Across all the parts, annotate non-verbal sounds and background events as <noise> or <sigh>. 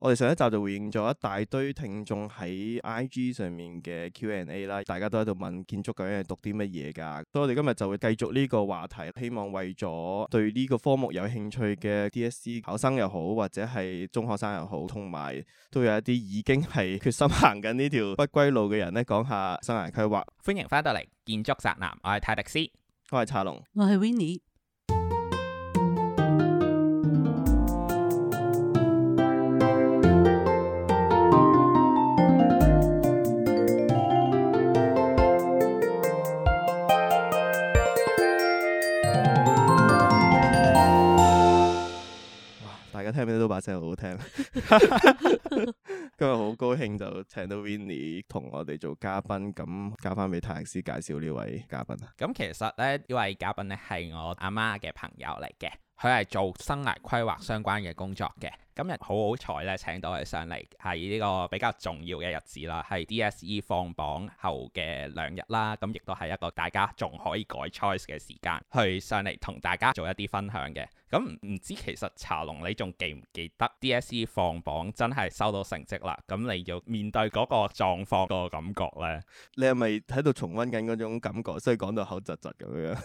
我哋上一集就回應咗一大堆聽眾喺 IG 上面嘅 Q&A 啦，大家都喺度問建築究竟係讀啲乜嘢噶，所以我哋今日就會繼續呢個話題，希望為咗對呢個科目有興趣嘅 DSE 考生又好，或者係中學生又好，同埋都有一啲已經係決心行緊呢條不歸路嘅人咧，講下生涯規劃。歡迎翻到嚟建築宅男，我係泰迪斯，我係茶龍，我係 Winnie。聽唔聽到都把聲好好聽， <laughs> 今日好高興就請到 Winnie 同我哋做嘉賓，咁交翻俾泰斯介紹呢位嘉賓啊。咁其實咧，呢位嘉賓咧係我阿媽嘅朋友嚟嘅，佢係做生涯規劃相關嘅工作嘅。今日好好彩咧，請到你上嚟，係呢個比較重要嘅日子啦，係 DSE 放榜後嘅兩日啦，咁亦都係一個大家仲可以改 choice 嘅時間，去上嚟同大家做一啲分享嘅。咁唔知其實茶龍，你仲記唔記得 DSE 放榜真係收到成績啦？咁你要面對嗰個狀況，個感覺呢？你係咪喺度重溫緊嗰種感覺？所以講到口窒窒咁樣。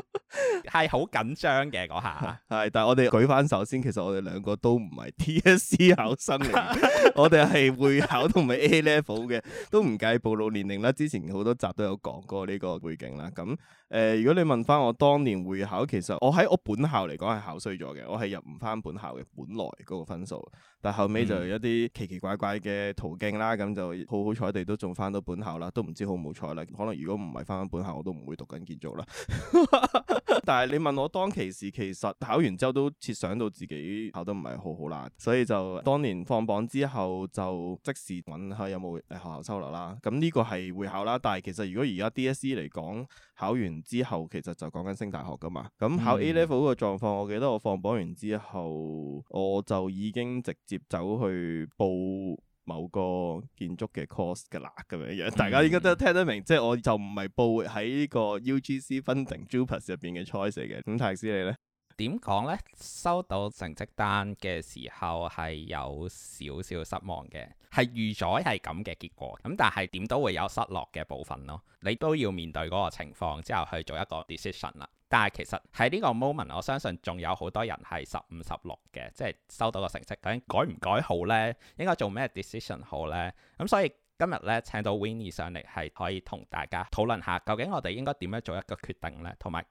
<laughs> 係好緊張嘅嗰下，係但係我哋舉翻首先，其實我哋兩個都唔係 D S E 考生嚟。 <laughs> 我哋係會考同埋 A Level 嘅， <laughs> 都唔計暴露年齡啦。之前好多集都有講過呢個背景啦。咁誒、呃，如果你問翻我當年會考，其實我喺我本校嚟講係考衰咗嘅，我係入唔翻本校嘅本來嗰個分數。但後尾就有一啲奇奇怪怪嘅途徑啦，咁、嗯、就好好彩地都仲翻到本校啦，都唔知好唔好彩啦。可能如果唔係翻返本校，我都唔會讀緊建築啦。 <laughs> 但係你問我當其時，其實考完之後都設想到自己考得唔係好好啦，所以就當年放榜之後就即時揾下有冇誒學校收留啦。咁呢個係會考啦，但係其實如果而家 DSE 嚟講，考完之後其實就講緊升大學㗎嘛。咁考 A level 個狀況，嗯、我記得我放榜完之後我就已經直接走去報。某個建築嘅 course 㗎啦，咁樣樣大家應該都聽得明。嗯嗯，即係我就唔係報喺呢個 UGC funding JUPAS 入邊嘅 choice 嚟嘅。咁泰斯你咧？點講呢？收到成績單嘅時候係有少少失望嘅，係預咗係咁嘅結果。咁但係點都會有失落嘅部分咯。你都要面對嗰個情況之後去做一個 decision 啦。但係其實喺呢個 moment，我相信仲有好多人係十五十六嘅，即係收到個成績究竟改唔改好呢？應該做咩 decision 好呢？咁所以今日呢，請到 Winnie 上嚟係可以同大家討論下，究竟我哋應該點樣做一個決定呢？同埋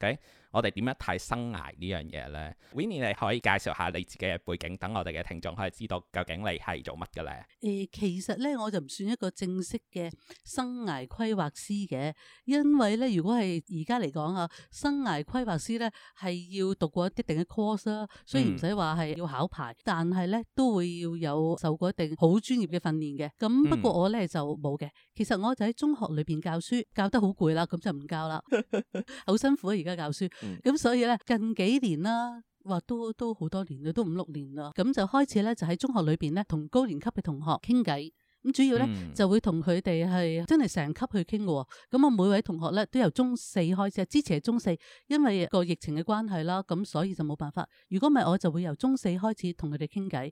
我哋點樣睇生涯呢樣嘢咧？Winnie，你可以介紹下你自己嘅背景，等我哋嘅聽眾可以知道究竟你係做乜嘅咧？誒、呃，其實咧我就唔算一個正式嘅生涯規劃師嘅，因為咧如果係而家嚟講啊，生涯規劃師咧係要讀過一定嘅 course 啦，雖然唔使話係要考牌，但係咧都會要有受過一定好專業嘅訓練嘅。咁不過我咧就冇嘅。其實我就喺中學裏邊教書，教得好攰啦，咁就唔教啦，好 <laughs> 辛苦啊！而家教書。咁、嗯、所以咧，近幾年啦，或都都好多年啦，都五六年啦，咁就開始咧，就喺中學裏邊咧，同高年級嘅同學傾偈。咁主要咧、嗯、就會同佢哋係真係成級去傾嘅喎。咁我每位同學咧都由中四開始，之前係中四，因為個疫情嘅關係啦，咁所以就冇辦法。如果唔係，我就會由中四開始同佢哋傾偈。咁、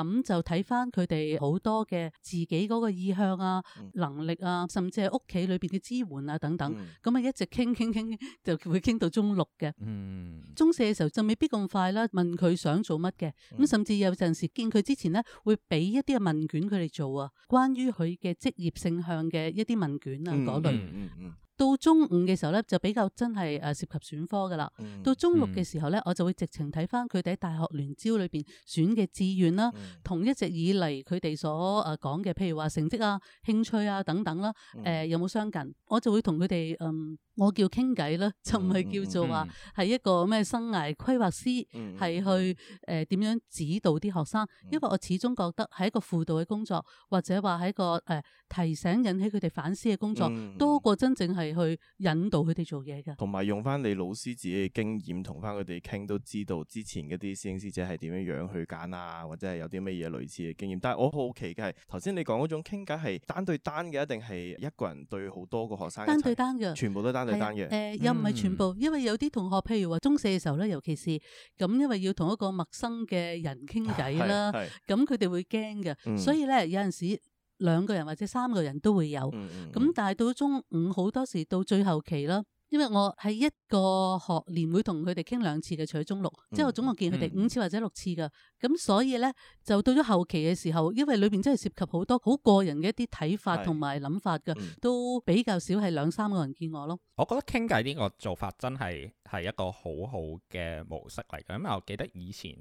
嗯、就睇返佢哋好多嘅自己嗰個意向啊、嗯、能力啊，甚至係屋企裏邊嘅支援啊等等。咁啊、嗯、一直傾傾傾，就會傾到中六嘅。嗯、中四嘅時候就未必咁快啦，問佢想做乜嘅。咁、嗯嗯、甚至有陣時見佢之前咧會畀一啲嘅問卷佢哋做啊。關於佢嘅職業性向嘅一啲問卷啊，嗰類、嗯。嗯嗯嗯到中五嘅時候咧，就比較真係誒、涉及選科噶啦。到中六嘅時候咧，我就會直情睇翻佢哋喺大學聯招裏邊選嘅志願啦，同一直以嚟佢哋所誒講嘅，譬如話成績啊、興趣啊等等啦，誒有冇相近？我就會同佢哋嗯，我叫傾偈啦，就唔係叫做話係一個咩生涯規劃師，係、嗯嗯、去誒、呃、點樣指導啲學生。因為我始終覺得係一個輔導嘅工作，或者話係一個誒提醒、引起佢哋反思嘅工作，多過真正係。嚟去引導佢哋做嘢嘅，同埋用翻你老師自己嘅經驗同翻佢哋傾，都知道之前嗰啲師兄師姐係點樣樣去揀啊，或者係有啲乜嘢類似嘅經驗。但係我好奇嘅係頭先你講嗰種傾偈係單對單嘅，一定係一個人對好多個學生？單對單嘅，全部都單對單嘅。誒、呃、又唔係全部，嗯、因為有啲同學譬如話中四嘅時候咧，尤其是咁，因為要同一個陌生嘅人傾偈啦，咁佢哋會驚嘅，嗯、所以咧有陣時。兩個人或者三個人都會有，咁、嗯、但係到中午好多時到最後期咯，因為我喺一個學年會同佢哋傾兩次嘅，除咗中六，之後、嗯、我總共見佢哋五次或者六次噶，咁所以呢，就到咗後期嘅時候，因為裏面真係涉及好多好個人嘅一啲睇法同埋諗法噶，嗯、都比較少係兩三個人見我咯。我覺得傾偈呢個做法真係係一個好好嘅模式嚟嘅，因為我記得以前。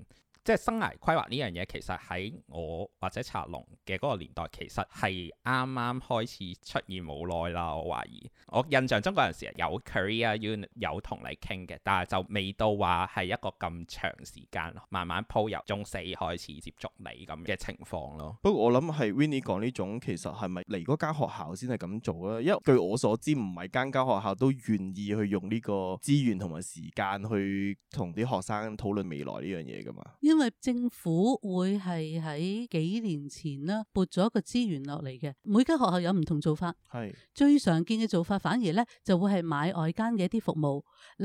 即係生涯規劃呢樣嘢，其實喺我或者查龍嘅嗰個年代，其實係啱啱開始出現冇耐啦。我懷疑，我印象中嗰陣時有 career unit 有同你傾嘅，但係就未到話係一個咁長時間慢慢鋪入中四開始接觸你咁嘅情況咯。不過我諗係 Winnie 講呢種，其實係咪嚟嗰間學校先係咁做咧？因為據我所知，唔係間間學校都願意去用呢個資源同埋時間去同啲學生討論未來呢樣嘢㗎嘛。因為政府會係喺幾年前啦撥咗一個資源落嚟嘅，每間學校有唔同做法。係是最常見嘅做法，反而咧就會係買外間嘅一啲服務，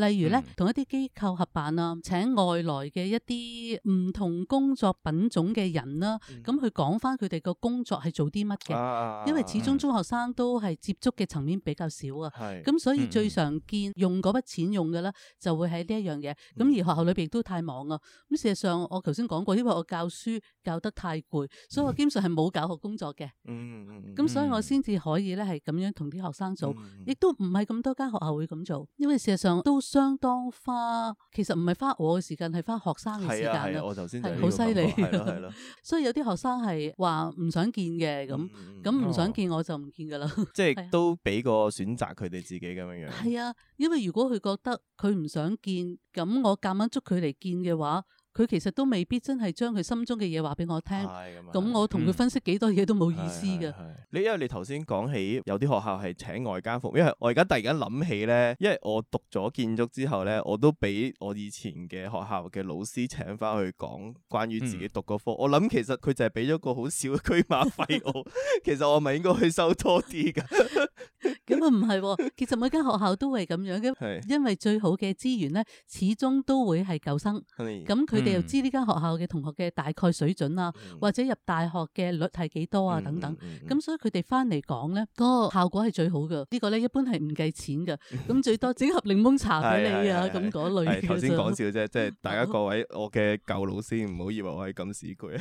例如咧同、嗯、一啲機構合辦啊，請外來嘅一啲唔同工作品種嘅人啦、啊，咁佢講翻佢哋個工作係做啲乜嘅。啊、因為始終中學生都係接觸嘅層面比較少啊。係咁，所以最常見用嗰筆錢用嘅咧，就會喺呢一樣嘢。咁而學校裏邊都太忙啊。咁事實上我。頭先講過，因為我教書教得太攰，所以我基本上係冇教學工作嘅。嗯，咁所以我先至可以咧，係咁樣同啲學生做，亦都唔係咁多間學校會咁做，因為事實上都相當花。其實唔係花我嘅時間，係花學生嘅時間咯。係啊，係啊，我頭先好犀利。係咯、啊，係咯。所以有啲學生係話唔想見嘅，咁咁唔想見我就唔見噶啦。即係都俾個選擇佢哋自己咁樣樣。係啊，因為如果佢覺得佢唔想見，咁我夾硬捉佢嚟見嘅話。佢其實都未必真係將佢心中嘅嘢話俾我聽，咁的我同佢分析幾多嘢都冇意思嘅、嗯。你因為你頭先講起有啲學校係請外間服，因為我而家突然間諗起呢，因為我讀咗建築之後呢，我都俾我以前嘅學校嘅老師請翻去講關於自己讀嗰科。嗯、我諗其實佢就係俾咗個好少嘅車馬費我， <laughs> 其實我咪應該去收多啲噶。 <laughs> 咁啊，唔係，其實每間學校都係咁樣嘅，因為最好嘅資源咧，始終都會係舊生。咁佢哋又知呢間學校嘅同學嘅大概水準啊，或者入大學嘅率係幾多啊，等等。咁所以佢哋翻嚟講咧，嗰個效果係最好噶。呢個咧一般係唔計錢噶，咁最多整盒檸檬茶俾你啊，咁嗰類。頭先講笑啫，即係大家各位，我嘅舊老師，唔好以為我係咁市儈。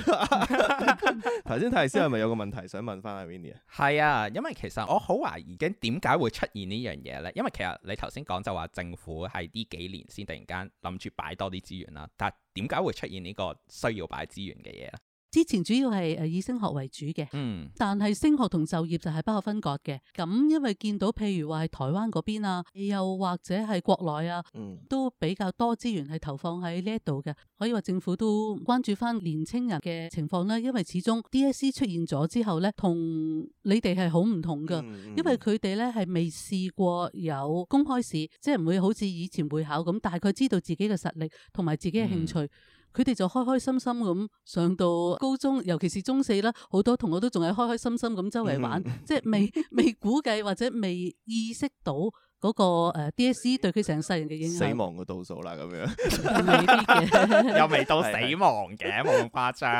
頭先睇下先係咪有個問題想問翻阿 Winnie 啊？係啊，因為其實我好懷疑嘅。點解會出現呢樣嘢呢？因為其實你頭先講就話政府係呢幾年先突然間諗住擺多啲資源啦，但點解會出現呢個需要擺資源嘅嘢呢？之前主要係誒以升學為主嘅，嗯、但係升學同就業就係不可分割嘅。咁因為見到譬如話係台灣嗰邊啊，又或者係國內啊，嗯、都比較多資源係投放喺呢一度嘅。可以話政府都關注翻年青人嘅情況咧，因為始終 DSE 出現咗之後咧，同你哋係好唔同㗎，嗯嗯、因為佢哋咧係未試過有公開試，即係唔會好似以前會考咁，大概知道自己嘅實力同埋自己嘅興趣。嗯。佢哋就開開心心咁上到高中，尤其是中四啦，好多同學都仲係開開心心咁周圍玩， <laughs> 即係未，未估計或者未意識到。嗰個 DSE 對佢成世人嘅影響，死亡嘅倒數啦，咁樣 <laughs> <laughs> 又未到死亡嘅，冇咁 <laughs> 的誇張，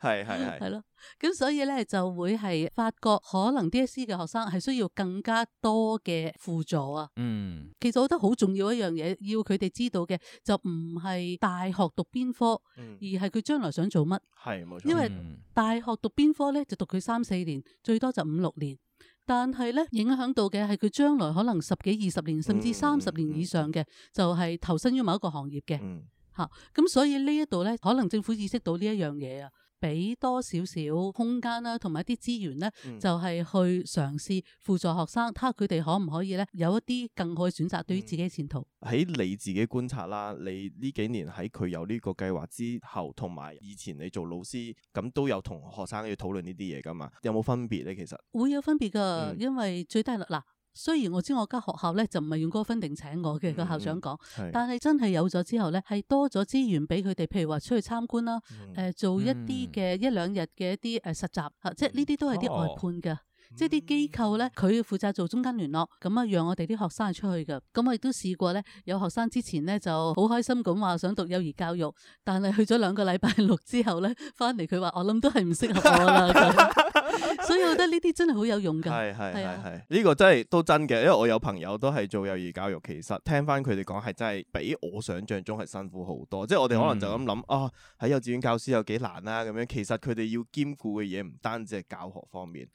係係係。係咯 <laughs> 咁所以咧就會係發覺，可能 DSE 嘅學生係需要更加多嘅輔助啊。嗯，其實我覺得好重要一樣嘢，要佢哋知道嘅就唔係大學讀邊科，而係佢將來想做乜。係冇錯，因為大學讀邊科咧，就讀佢三四年，最多就五六年。但係呢，影響到嘅係佢將來可能十幾二十年，甚至三十年以上嘅，嗯嗯、就係投身於某一個行業嘅嚇。咁、嗯啊、所以這裏呢一度呢，可能政府意識到呢一樣嘢啊。俾多少少空間啦，同埋一啲資源咧，就係去嘗試輔助學生，睇下佢哋可唔可以咧有一啲更好嘅選擇，對於自己嘅前途。喺、嗯、你自己觀察啦，你呢幾年喺佢有呢個計劃之後，同埋以前你做老師咁都有同學生要討論呢啲嘢噶嘛，有冇分別咧？其實有有會有分別噶，嗯、因為最低率嗱。雖然我知我間學校咧就唔係用高分定請我嘅個、嗯、校長講，但係真係有咗之後咧，係多咗資源俾佢哋，譬如話出去參觀啦、嗯呃，做一啲嘅、嗯、一兩日嘅一啲誒實習、嗯、即呢啲都係啲外判嘅。哦即係啲機構咧，佢要負責做中間聯絡，咁啊讓我哋啲學生去出去噶。咁我亦都試過咧，有學生之前咧就好開心咁話想讀幼兒教育，但係去咗兩個禮拜六之後咧，翻嚟佢話我諗都係唔適合我啦。 <laughs> <laughs> 所以我覺得呢啲真係好有用噶。係係係，呢、這個真係都真嘅，因為我有朋友都係做幼兒教育，其實聽翻佢哋講係真係比我想象中係辛苦好多。即係我哋可能就咁諗啊，喺、嗯哦、幼稚園教師有幾難啦咁樣。其實佢哋要兼顧嘅嘢唔單止係教學方面。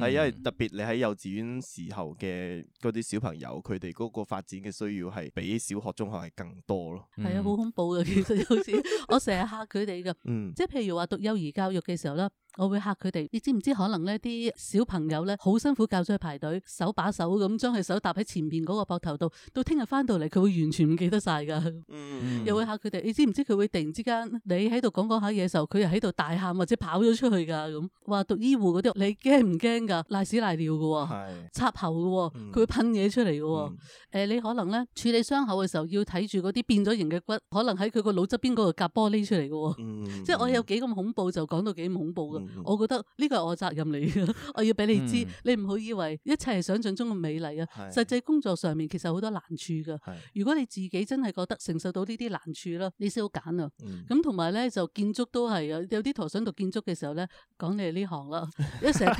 係因為特別你喺幼稚園時候嘅嗰啲小朋友，佢哋嗰個發展嘅需要係比小學、中學係更多咯。係、嗯、啊，好恐怖嘅，其實幼稚， <laughs> <laughs> 我成日嚇佢哋噶。嗯，即係譬如話讀幼兒教育嘅時候咧。我會嚇佢哋，你知唔知可能呢啲小朋友咧好辛苦教咗佢排隊，手把手咁將佢手搭喺前面嗰個膊頭度，到聽日翻到嚟佢會完全唔記得晒噶。嗯，又會嚇佢哋，你知唔知佢會突然之間你喺度講一講下嘢時候，佢又喺度大喊或者跑咗出去噶咁。話讀醫護嗰啲，你驚唔驚噶？瀨屎瀨尿嘅喎，插喉嘅喎，佢會噴嘢出嚟嘅喎。誒，你可能咧處理傷口嘅時候要睇住嗰啲變咗形嘅骨，可能喺佢個腦側邊嗰度夾玻璃出嚟嘅喎。即係我有幾咁恐怖就講到幾咁恐怖嘅。嗯嗯。我覺得呢個係我責任嚟嘅， <laughs> 我要俾你知，嗯、你唔好以為一切係想象中咁美麗啊！是實際工作上面其實好多難處噶。是如果你自己真係覺得承受到呢啲難處咯，你先好揀啊！咁同埋咧就建築都係啊，有啲圖想讀建築嘅時候咧，講你哋呢行啦，一成日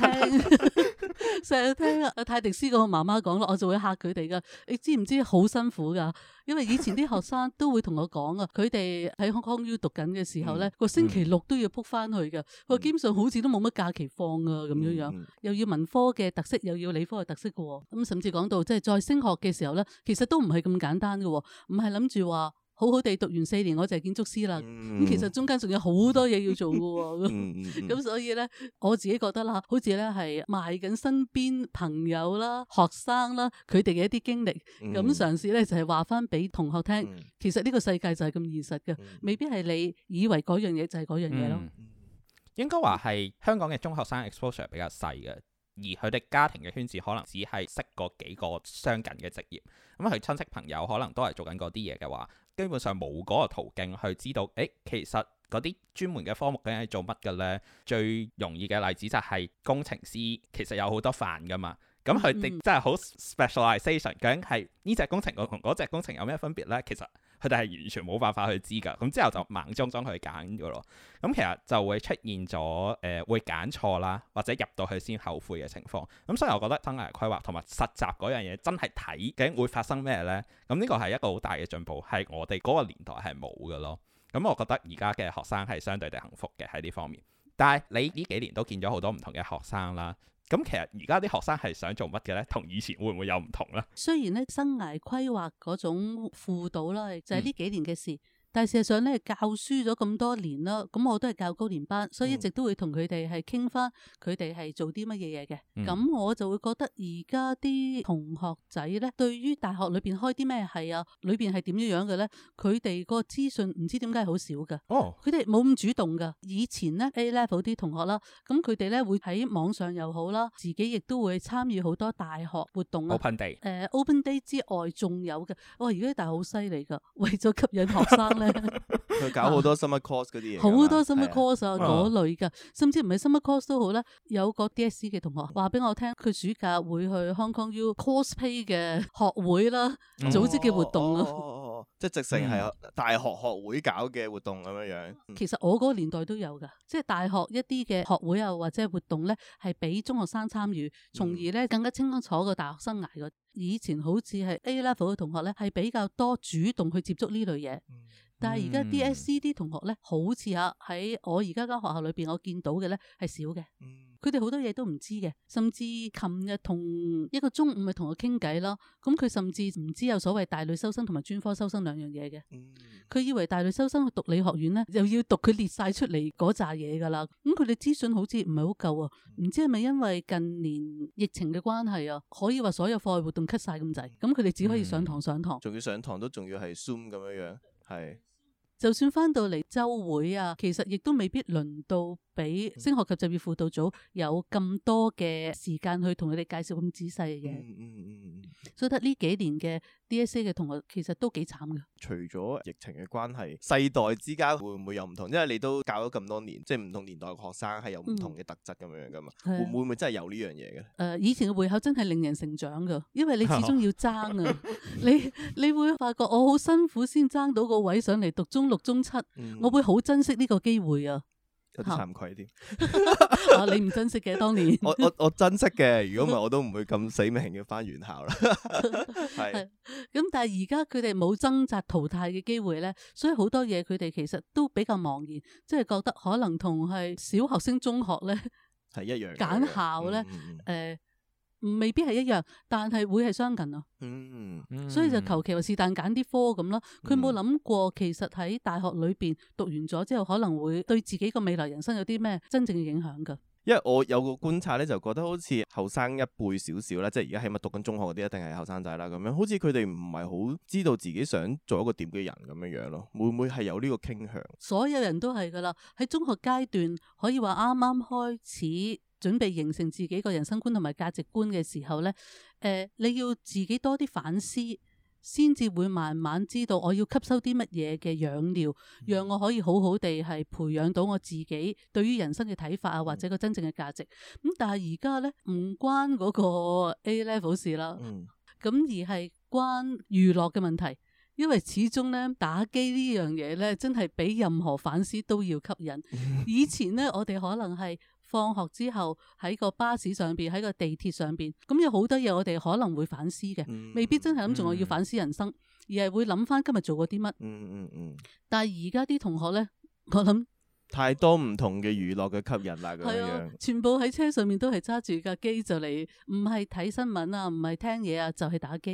聽。 <laughs> <laughs> 成日 <laughs> 聽啊，泰迪斯個媽媽講咯，我就會嚇佢哋噶。你知唔知好辛苦噶？因為以前啲學生都會同我講啊，佢哋喺 Hong Kong U 讀緊嘅時候咧，個 <laughs> 星期六都要撲翻去噶。佢話基本上好似都冇乜假期放啊，咁樣樣又要文科嘅特色，又要理科嘅特色噶。咁甚至講到即係再升學嘅時候咧，其實都唔係咁簡單噶，唔係諗住話。好好地讀完四年，我就係建築師啦。咁、嗯、其實中間仲有好多嘢要做噶。咁所以呢，我自己覺得啦，好似呢係賣緊身邊朋友啦、學生啦，佢哋嘅一啲經歷，咁嘗試呢，就係話翻俾同學聽，嗯、其實呢個世界就係咁現實嘅，嗯、未必係你以為嗰樣嘢就係嗰樣嘢咯、嗯。應該話係香港嘅中學生 exposure 比較細嘅，而佢哋家庭嘅圈子可能只係識過幾個相近嘅職業。咁佢親戚朋友可能都係做緊嗰啲嘢嘅話。基本上冇嗰個途徑去知道，誒其實嗰啲專門嘅科目究竟係做乜嘅咧？最容易嘅例子就係工程師其實有好多範㗎嘛，咁佢哋真係好 s p e c i a l i z a t i o n 究竟係呢隻工程個同嗰隻工程有咩分別咧？其實。佢哋係完全冇辦法去知㗎，咁之後就盲舂舂去揀咗咯。咁其實就會出現咗誒、呃、會揀錯啦，或者入到去先後悔嘅情況。咁所以我覺得生涯規劃同埋實習嗰樣嘢真係睇究竟會發生咩呢？咁呢個係一個好大嘅進步，係我哋嗰個年代係冇嘅咯。咁我覺得而家嘅學生係相對地幸福嘅喺呢方面。但係你呢幾年都見咗好多唔同嘅學生啦。咁其實而家啲學生係想做乜嘅呢？同以前會唔會有唔同呢？雖然咧，生涯規劃嗰種輔導咧，就係、是、呢幾年嘅事。嗯。但事實上咧，教書咗咁多年啦，咁、嗯、我都係教高年班，所以一直都會同佢哋係傾翻佢哋係做啲乜嘢嘢嘅。咁、嗯、我就會覺得而家啲同學仔咧，對於大學裏邊開啲咩係啊，裏邊係點樣樣嘅咧，佢哋個資訊唔知點解好少㗎。哦，佢哋冇咁主動㗎。以前咧 A level 啲同學啦，咁佢哋咧會喺網上又好啦，自己亦都會參與好多大學活動啊 Day、呃。Open Day，Open Day 之外仲有嘅，哇！而家啲大學好犀利㗎，為咗吸引學生。 <laughs> 佢 <laughs> <laughs> 搞好多 summer course 嗰啲嘢，好多 summer course 啊嗰、啊、類噶，啊、甚至唔係 summer course 都好啦。有個 DSE 嘅同學話俾我聽，佢暑假會去 Hong Kong U course pay 嘅學會啦，組織嘅活動啊、嗯哦哦哦，即係直成係大學學會搞嘅活動咁樣樣。嗯、其實我嗰個年代都有噶，即、就、係、是、大學一啲嘅學會啊或者活動咧，係俾中學生參與，從而咧更加清，清楚個大學生涯。個以前好似係 A level 嘅同學咧，係比較多主動去接觸呢類嘢。嗯但係而家 D.S.E. 啲同學咧，好似啊喺我而家間學校裏邊，我見到嘅咧係少嘅。佢哋好多嘢都唔知嘅，甚至琴日同一個中午咪同我傾偈咯。咁佢甚至唔知有所謂大類收生同埋專科收生兩樣嘢嘅。佢、嗯、以為大類收生去讀理學院咧，又要讀佢列晒出嚟嗰扎嘢噶啦。咁佢哋資訊好似唔係好夠啊，唔知係咪因為近年疫情嘅關係啊，可以話所有課外活動 cut 晒咁滯。咁佢哋只可以上堂上堂，仲、嗯、要上堂都仲要係 Zoom 咁樣樣，係。就算翻到嚟周會啊，其實亦都未必輪到，俾升學及就業輔導組有咁多嘅時間去同佢哋介紹咁仔細嘅嘢，所以得呢幾年嘅 DSE 嘅同學其實都幾慘噶。除咗疫情嘅關係，世代之間會唔會有唔同？因為你都教咗咁多年，即係唔同年代嘅學生係有唔同嘅特質咁樣樣噶嘛？嗯、會會唔會真係有呢樣嘢嘅？誒、呃，以前嘅會考真係令人成長噶，因為你始終要爭啊！哦、你 <laughs> 你，你會發覺我好辛苦先爭到個位上嚟讀中六中七，嗯、我會好珍惜呢個機會啊！慚愧啲，你唔珍惜嘅當年。 <laughs> 我我我珍惜嘅，如果唔係，我都唔會咁死命要翻原校啦。係 <laughs> <laughs> 是。咁但係而家佢哋冇掙扎淘汰嘅機會咧，所以好多嘢佢哋其實都比較茫然，即、就、係、是、覺得可能同係小學升中學咧係一樣揀校咧，誒、嗯。嗯呃未必係一樣，但係會係相近咯、嗯。嗯，所以就求其話是但揀啲科咁咯。佢冇諗過，其實喺大學裏邊讀完咗之後，可能會對自己個未來人生有啲咩真正嘅影響噶。因為我有個觀察咧，就覺得好似後生一輩少少啦，即係而家起碼讀緊中學嗰啲，一定係後生仔啦。咁樣好似佢哋唔係好知道自己想做一個點嘅人咁樣樣咯。會唔會係有呢個傾向？所有人都係噶啦，喺中學階段可以話啱啱開始。準備形成自己個人生觀同埋價值觀嘅時候咧，誒、呃，你要自己多啲反思，先至會慢慢知道我要吸收啲乜嘢嘅養料，讓我可以好好地係培養到我自己對於人生嘅睇法啊，或者個真正嘅價值。咁、嗯嗯、但係、嗯、而家咧，唔關嗰個 A level 事啦，咁而係關娛樂嘅問題，因為始終咧，打機呢樣嘢咧，真係比任何反思都要吸引。以前咧，我哋可能係。放學之後喺個巴士上邊，喺個地鐵上邊，咁有好多嘢我哋可能會反思嘅，未必真係諗住我要反思人生，而係會諗翻今日做過啲乜。嗯嗯嗯。但係而家啲同學咧，我諗。太多唔同嘅娛樂嘅吸引啦，咁、嗯、樣全部喺車上面都係揸住架機就嚟，唔係睇新聞啊，唔係聽嘢啊，就係、是、打機。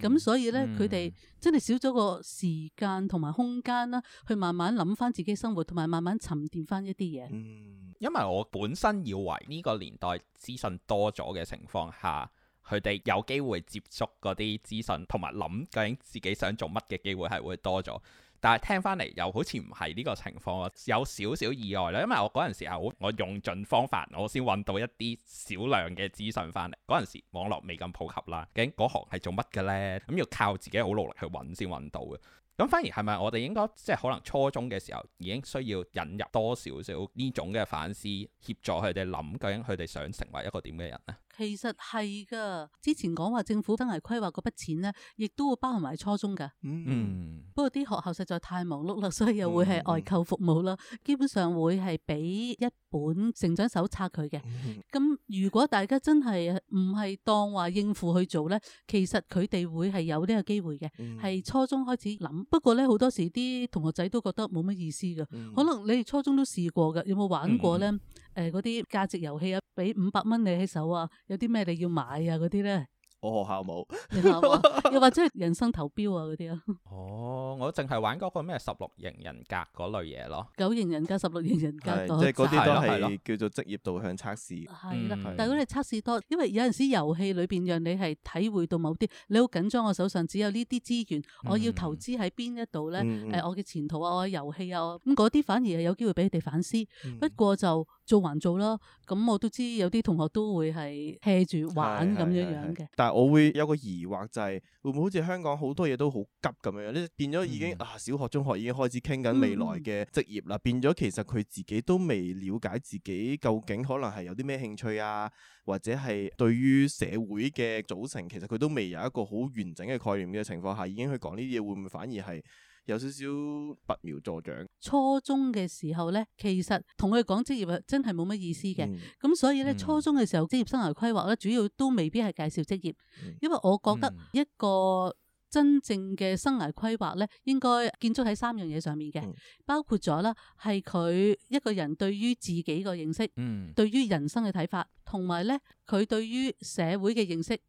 咁、嗯、所以呢，佢哋、嗯、真係少咗個時間同埋空間啦、啊，去慢慢諗翻自己生活，同埋慢慢沉澱翻一啲嘢、嗯。因為我本身以為呢個年代資訊多咗嘅情況下，佢哋有機會接觸嗰啲資訊，同埋諗究竟自己想做乜嘅機會係會多咗。但係聽翻嚟，又好似唔係呢個情況，有少少意外啦，因為我嗰陣時候，我用盡方法，我先揾到一啲少量嘅資訊翻嚟。嗰陣時網絡未咁普及啦，究竟嗰行係做乜嘅呢？咁要靠自己好努力去揾先揾到嘅。咁反而係咪我哋應該即係可能初中嘅時候已經需要引入多少少呢種嘅反思，協助佢哋諗究竟佢哋想成為一個點嘅人呢？其實係噶，之前講話政府真係規劃嗰筆錢咧，亦都會包含埋初中嘅。嗯，不過啲學校實在太忙碌啦，所以又會係外購服務啦。嗯嗯、基本上會係俾一本成長手冊佢嘅。咁、嗯、如果大家真係唔係當話應付去做咧，其實佢哋會係有呢個機會嘅，係、嗯、初中開始諗。不過咧，好多時啲同學仔都覺得冇乜意思㗎。嗯、可能你哋初中都試過嘅，有冇玩過咧？嗯嗯誒，嗰啲價值遊戲啊，俾五百蚊你起手啊，有啲咩你要買啊？嗰啲咧，我學校冇， <laughs> 又或者係人生投標啊嗰啲啊？啊哦，我淨係玩嗰個咩十六型人格嗰類嘢咯。九型人格、十六型人格，格，即係嗰啲都係叫做職業導向測試。係啦的，嗯、但係如果你測試多，因為有陣時遊戲裏邊讓你係體會到某啲你好緊張，我手上只有呢啲資源，嗯、我要投資喺邊一度咧？誒、呃，我嘅前途啊，我嘅遊戲啊，咁嗰啲反而係有機會俾你哋反思。不過就。做還做咯，咁我都知有啲同學都會係 hea 住玩咁樣樣嘅。但係我會有個疑惑就係、是，會唔會好似香港好多嘢都好急咁樣樣？呢變咗已經、嗯、啊，小學、中學已經開始傾緊未來嘅職業啦。嗯、變咗其實佢自己都未了解自己究竟可能係有啲咩興趣啊，或者係對於社會嘅組成，其實佢都未有一個好完整嘅概念嘅情況下，已經去講呢啲嘢，會唔會反而係？有少少拔苗助長。初中嘅時候咧，其實同佢講職業啊，真係冇乜意思嘅。咁、嗯、所以咧，初中嘅時候、嗯、職業生涯規劃咧，主要都未必係介紹職業，嗯、因為我覺得一個真正嘅生涯規劃咧，應該建築喺三樣嘢上面嘅，嗯、包括咗啦，係佢一個人對於自己嘅認識，嗯、對於人生嘅睇法，同埋咧佢對於社會嘅認識。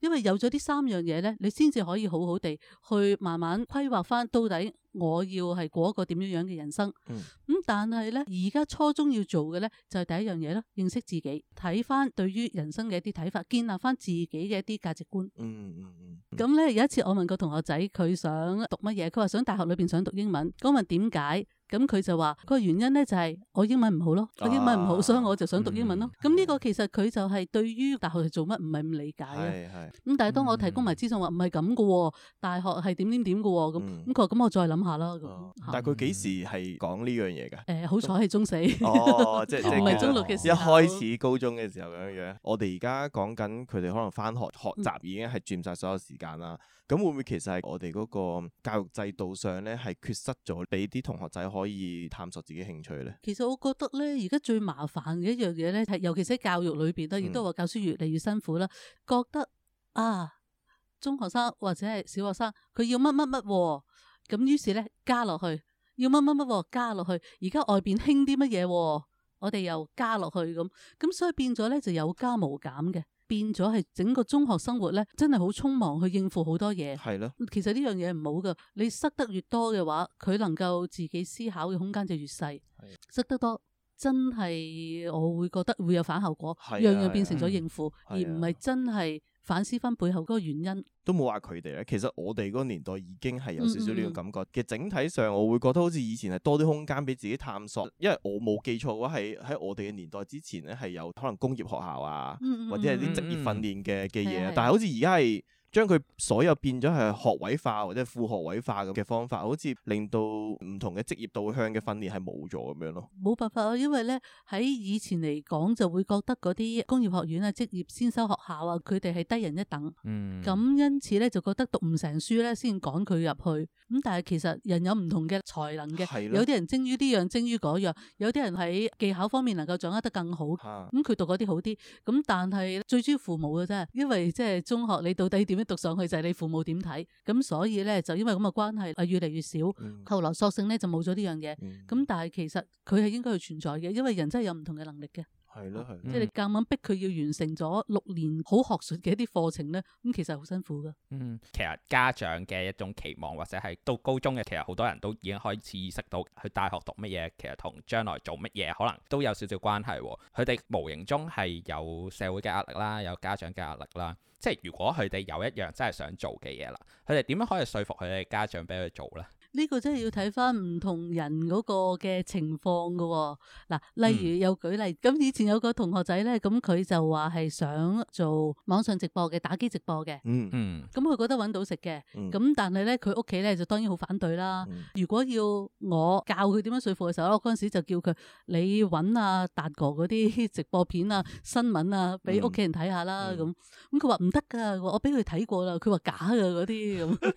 因為有咗呢三樣嘢咧，你先至可以好好地去慢慢規劃翻到底我要係過一個點樣樣嘅人生。咁、嗯嗯、但係咧，而家初中要做嘅咧就係、是、第一樣嘢啦：認識自己，睇翻對於人生嘅一啲睇法，建立翻自己嘅一啲價值觀。咁咧，有一次我問個同學仔佢想讀乜嘢，佢話想大學裏邊想讀英文。咁我問點解？咁佢就話，個原因咧就係我英文唔好咯，我英文唔好，所以我就想讀英文咯。咁呢個其實佢就係對於大學係做乜唔係咁理解嘅。咁但係當我提供埋資訊話唔係咁噶，大學係點點點噶，咁咁佢話咁我再諗下啦。但係佢幾時係講呢樣嘢噶？誒，好彩係中四，唔係中六嘅時候。一開始高中嘅時候咁樣樣，我哋而家講緊佢哋可能返學學習已經係佔晒所有時間啦。咁會唔會其實係我哋嗰個教育制度上咧係缺失咗，俾啲同學仔可以探索自己興趣咧？其實我覺得咧，而家最麻煩嘅一樣嘢咧，係尤其是喺教育裏邊啦，亦都話教書越嚟越辛苦啦。嗯、覺得啊，中學生或者係小學生，佢要乜乜乜，咁於是咧加落去，要乜乜乜加落去。而家外邊興啲乜嘢，我哋又加落去，咁咁所以變咗咧就有加冇減嘅。變咗係整個中學生活咧，真係好匆忙去應付好多嘢。係咯的，其實呢樣嘢唔好㗎，你塞得越多嘅話，佢能夠自己思考嘅空間就越細。的塞得多真係我會覺得會有反效果，樣的樣變成咗應付，的而唔係真係。.反思翻背後嗰個原因，都冇話佢哋咧。其實我哋嗰個年代已經係有少少呢個感覺。嗯嗯，其實整體上，我會覺得好似以前係多啲空間俾自己探索。因為我冇記錯嘅話，係喺我哋嘅年代之前咧，係有可能工業學校啊，嗯嗯嗯，或者係啲職業訓練嘅嘅嘢。嗯嗯，但係好似而家係。嗯嗯將佢所有變咗係學位化或者副學位化咁嘅方法，好似令到唔同嘅職業導向嘅訓練係冇咗咁樣咯。冇辦法啊，因為咧喺以前嚟講，就會覺得嗰啲工業學院啊、職業先修學校啊，佢哋係低人一等。嗯。咁因此咧，就覺得讀唔成書咧，先趕佢入去。咁但係其實人有唔同嘅才能嘅，有啲人精於呢樣，精於嗰樣，有啲人喺技巧方面能夠掌握得更好。吓、啊。咁佢、嗯、讀嗰啲好啲。咁但係最中意父母嘅啫，因為即係中學你到底點樣？讀上去就係你父母點睇，咁所以咧就因為咁嘅關係，越嚟越少。後來、嗯、索性咧就冇咗呢樣嘢。咁、嗯、但係其實佢係應該去存在嘅，因為人真係有唔同嘅能力嘅。係咯、嗯，係。即係你咁樣逼佢要完成咗六年好學術嘅一啲課程咧，咁其實好辛苦噶。嗯，其實家長嘅一種期望或者係到高中嘅，其實好多人都已經開始意識到，去大學讀乜嘢，其實同將來做乜嘢可能都有少少關係、哦。佢哋無形中係有社會嘅壓力啦，有家長嘅壓力啦。即係如果佢哋有一樣真係想做嘅嘢啦，佢哋點樣可以説服佢哋家長俾佢做呢？呢個真係要睇翻唔同人嗰個嘅情況噶喎。嗱，例如有、嗯、舉例，咁以前有個同學仔咧，咁佢就話係想做網上直播嘅打機直播嘅。嗯嗯。咁佢覺得揾到食嘅，咁、嗯、但係咧佢屋企咧就當然好反對啦。如果要我教佢點樣說服嘅時候，我嗰陣時就叫佢，你揾啊達哥嗰啲直播片啊、新聞啊，俾屋企人睇下啦。咁咁佢話唔得㗎，我我俾佢睇過啦，佢話假㗎嗰啲咁。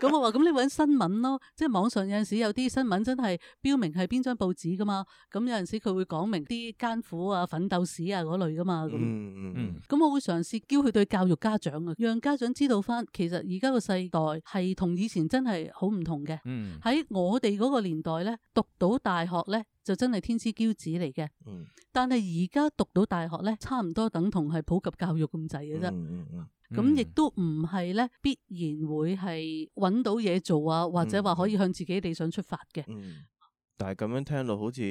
咁我話咁你揾？新聞咯，即係網上有陣時有啲新聞真係標明係邊張報紙噶嘛，咁有陣時佢會講明啲艱苦啊、奮鬥史啊嗰類噶嘛，咁，咁、嗯嗯、我會嘗試叫佢對教育家長啊，讓家長知道翻，其實而家個世代係同以前真係好唔同嘅。喺、嗯、我哋嗰個年代咧，讀到大學咧就真係天之驕子嚟嘅。嗯、但係而家讀到大學咧，差唔多等同係普及教育咁滯嘅啫。嗯嗯嗯咁亦都唔係咧，必然會係揾到嘢做啊，或者話可以向自己理想出發嘅。但係咁樣聽落，好似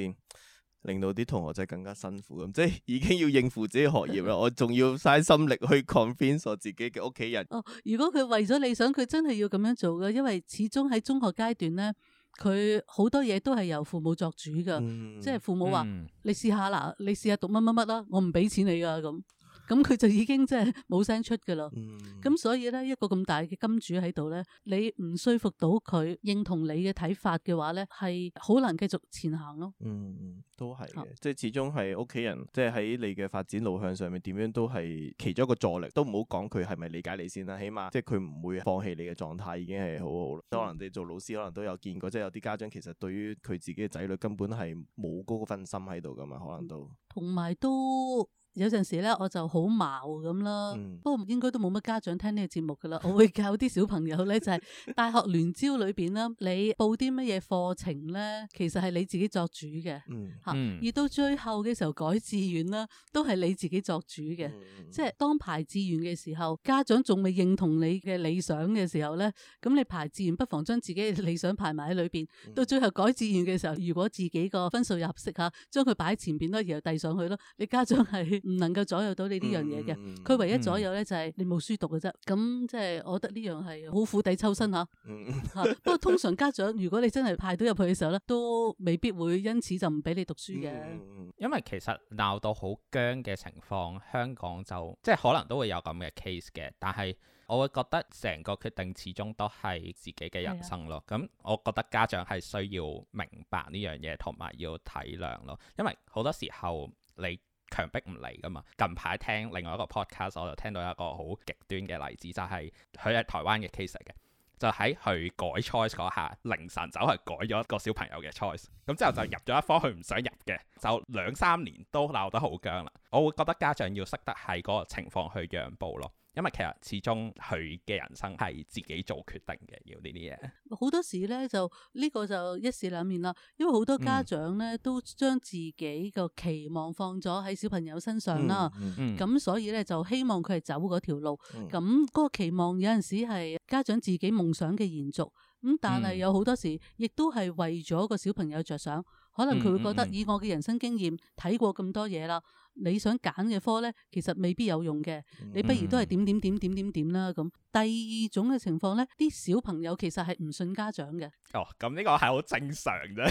令到啲同學仔更加辛苦咁，即係已經要應付自己學業啦，我仲要嘥心力去 convince 我自己嘅屋企人。哦，如果佢為咗理想，佢真係要咁樣做嘅，因為始終喺中學階段咧，佢好多嘢都係由父母作主噶，即係父母話你試下嗱，你試下讀乜乜乜啦，我唔俾錢你噶咁。咁佢就已經即係冇聲出噶咯，咁、嗯、所以呢一個咁大嘅金主喺度呢，你唔說服到佢認同你嘅睇法嘅話呢係好難繼續前行咯。嗯，都係嘅，啊、即係始終係屋企人，即係喺你嘅發展路向上面，點樣都係其中一個助力。都唔好講佢係咪理解你先啦，起碼即係佢唔會放棄你嘅狀態，已經係好好啦。嗯、可能你做老師，可能都有見過，即係有啲家長其實對於佢自己嘅仔女根本係冇嗰個分心喺度噶嘛，可能都同埋、嗯、都。有陣時咧，我就好矛咁啦。嗯、不過應該都冇乜家長聽呢個節目噶啦。 <laughs> 我會教啲小朋友咧，就係大學聯招裏邊啦， <laughs> 你報啲乜嘢課程咧，其實係你自己作主嘅。嚇、嗯，嗯、而到最後嘅時候改志願啦，都係你自己作主嘅。嗯嗯、即係當排志願嘅時候，家長仲未認同你嘅理想嘅時候咧，咁你排志願，不妨將自己嘅理想排埋喺裏邊。到最後改志願嘅時候，如果自己個分數合適嚇，將佢擺喺前邊咯，然後遞上去咯。你家長係。 <laughs> 唔能夠左右到你呢樣嘢嘅，佢唯一左右呢，就係、是、你冇書讀嘅啫。咁即係我覺得呢樣係好釜底抽薪嚇。 <laughs> <laughs> 不過通常家長，如果你真係派到入去嘅時候呢，都未必會因此就唔俾你讀書嘅 <noise> 。因為其實鬧到好僵嘅情況，香港就即係可能都會有咁嘅 case 嘅。但係我會覺得成個決定始終都係自己嘅人生咯。咁的我覺得家長係需要明白呢樣嘢同埋要體諒咯，因為好多時候你。強迫唔嚟㗎嘛？近排聽另外一個 podcast，我就聽到一個好極端嘅例子，就係佢喺台灣嘅 case 嘅，就喺佢改 choice 嗰下凌晨走係改咗一個小朋友嘅 choice，咁之後就入咗一科佢唔想入嘅，就兩三年都鬧得好僵啦。我會覺得家長要識得係嗰個情況去讓步咯。因為其實始終佢嘅人生係自己做決定嘅，要呢啲嘢。好多時咧就呢、呢個就一事兩面啦，因為好多家長咧、嗯、都將自己個期望放咗喺小朋友身上啦。咁、嗯嗯嗯、所以咧就希望佢係走嗰條路。咁嗰、嗯、個期望有陣時係家長自己夢想嘅延續。咁但係有好多時亦都係為咗個小朋友着想，可能佢會覺得、嗯嗯嗯、以我嘅人生經驗睇過咁多嘢啦。你想揀嘅科咧，其實未必有用嘅，你不如都係點點點點點點啦咁。第二種嘅情況咧，啲小朋友其實係唔信家長嘅。哦，咁呢個係好正常啫。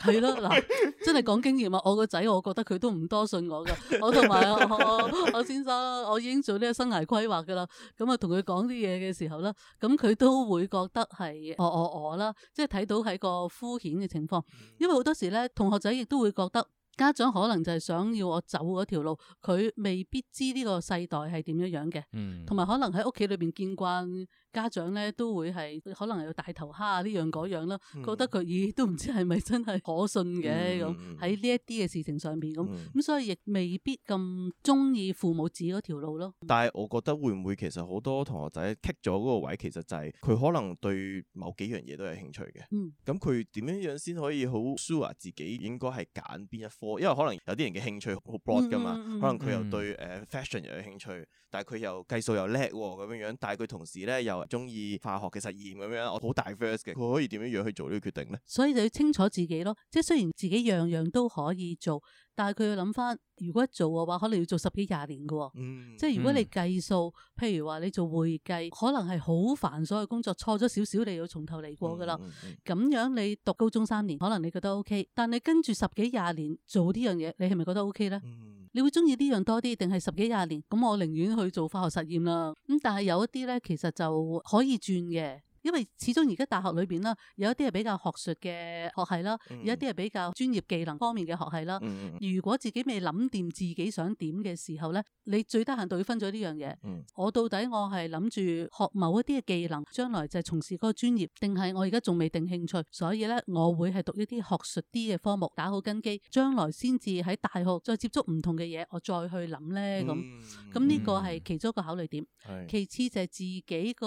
係 <laughs> 咯， <laughs> 嗱，真係講經驗啊！我個仔，我覺得佢都唔多信我噶。我同埋我， <laughs> 我，我先生，我已經做呢個生涯規劃噶啦。咁啊，同佢講啲嘢嘅時候咧，咁佢都會覺得係我我我啦，即係睇到係個敷衍嘅情況。因為好多時咧，同學仔亦都會覺得。家長可能就係想要我走嗰條路，佢未必知呢個世代係點樣樣嘅，同埋可能喺屋企裏面見慣。家長咧都會係可能有大頭蝦啊呢樣嗰樣啦，覺得佢咦，都唔知係咪真係可信嘅，咁喺呢一啲嘅事情上面咁咁，所以亦未必咁中意父母指嗰條路咯。但係我覺得會唔會其實好多同學仔揀咗嗰個位，其實就係佢可能對某幾樣嘢都有興趣嘅。咁佢點樣樣先可以好 sure 自己應該係揀邊一科？因為可能有啲人嘅興趣好 broad 噶嘛，可能佢又對誒 fashion 又有興趣，但係佢又計數又叻咁樣樣，但係佢同時咧又中意化學嘅實驗咁樣，我好 diverse 嘅，佢可以點樣樣去做呢個決定呢？所以就要清楚自己咯，即係雖然自己樣樣都可以做，但係佢要諗翻，如果做嘅話，可能要做十幾廿年嘅。嗯，即係如果你計數，譬如話你做會計，可能係好繁瑣嘅工作，錯咗少少，你要從頭嚟過噶啦。咁樣你讀高中三年，可能你覺得 OK，但你跟住十幾廿年做呢樣嘢，你係咪覺得 OK 呢？嗯你會中意呢樣多啲，定係十幾廿年？咁我寧願去做化學實驗啦。咁但係有一啲呢，其實就可以轉嘅。因為始終而家大學裏邊啦，有一啲係比較學術嘅學系啦，嗯、有一啲係比較專業技能方面嘅學系啦。嗯、如果自己未諗掂自己想點嘅時候咧，你最得閒就要分咗呢樣嘢。嗯、我到底我係諗住學某一啲嘅技能，將來就係從事嗰個專業，定係我而家仲未定興趣，所以咧我會係讀一啲學術啲嘅科目，打好根基，將來先至喺大學再接觸唔同嘅嘢，我再去諗咧咁。咁呢個係其中一個考慮點。其次就係自己個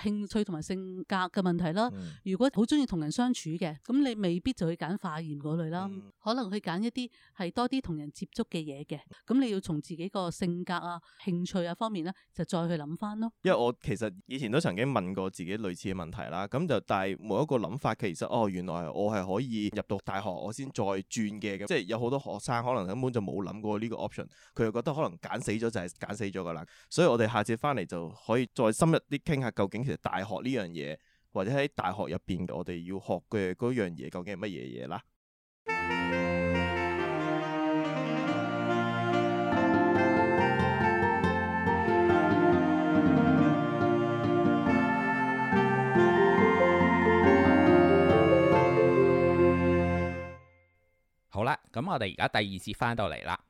興趣同埋性性格嘅問題啦，嗯、如果好中意同人相處嘅，咁你未必就去揀化驗嗰類啦，嗯、可能去揀一啲係多啲同人接觸嘅嘢嘅，咁你要從自己個性格啊、興趣啊方面咧，就再去諗翻咯。因為我其實以前都曾經問過自己類似嘅問題啦，咁就但係冇一個諗法其實哦，原來我係可以入讀大學，我先再轉嘅，咁即係有好多學生可能根本就冇諗過呢個 option，佢又覺得可能揀死咗就係揀死咗噶啦，所以我哋下次翻嚟就可以再深入啲傾下究竟其實大學呢樣嘢。嘢， <music> 或者喺大學入邊，我哋要學嘅嗰樣嘢，究竟係乜嘢嘢啦？好啦，咁我哋而家第二節翻到嚟啦，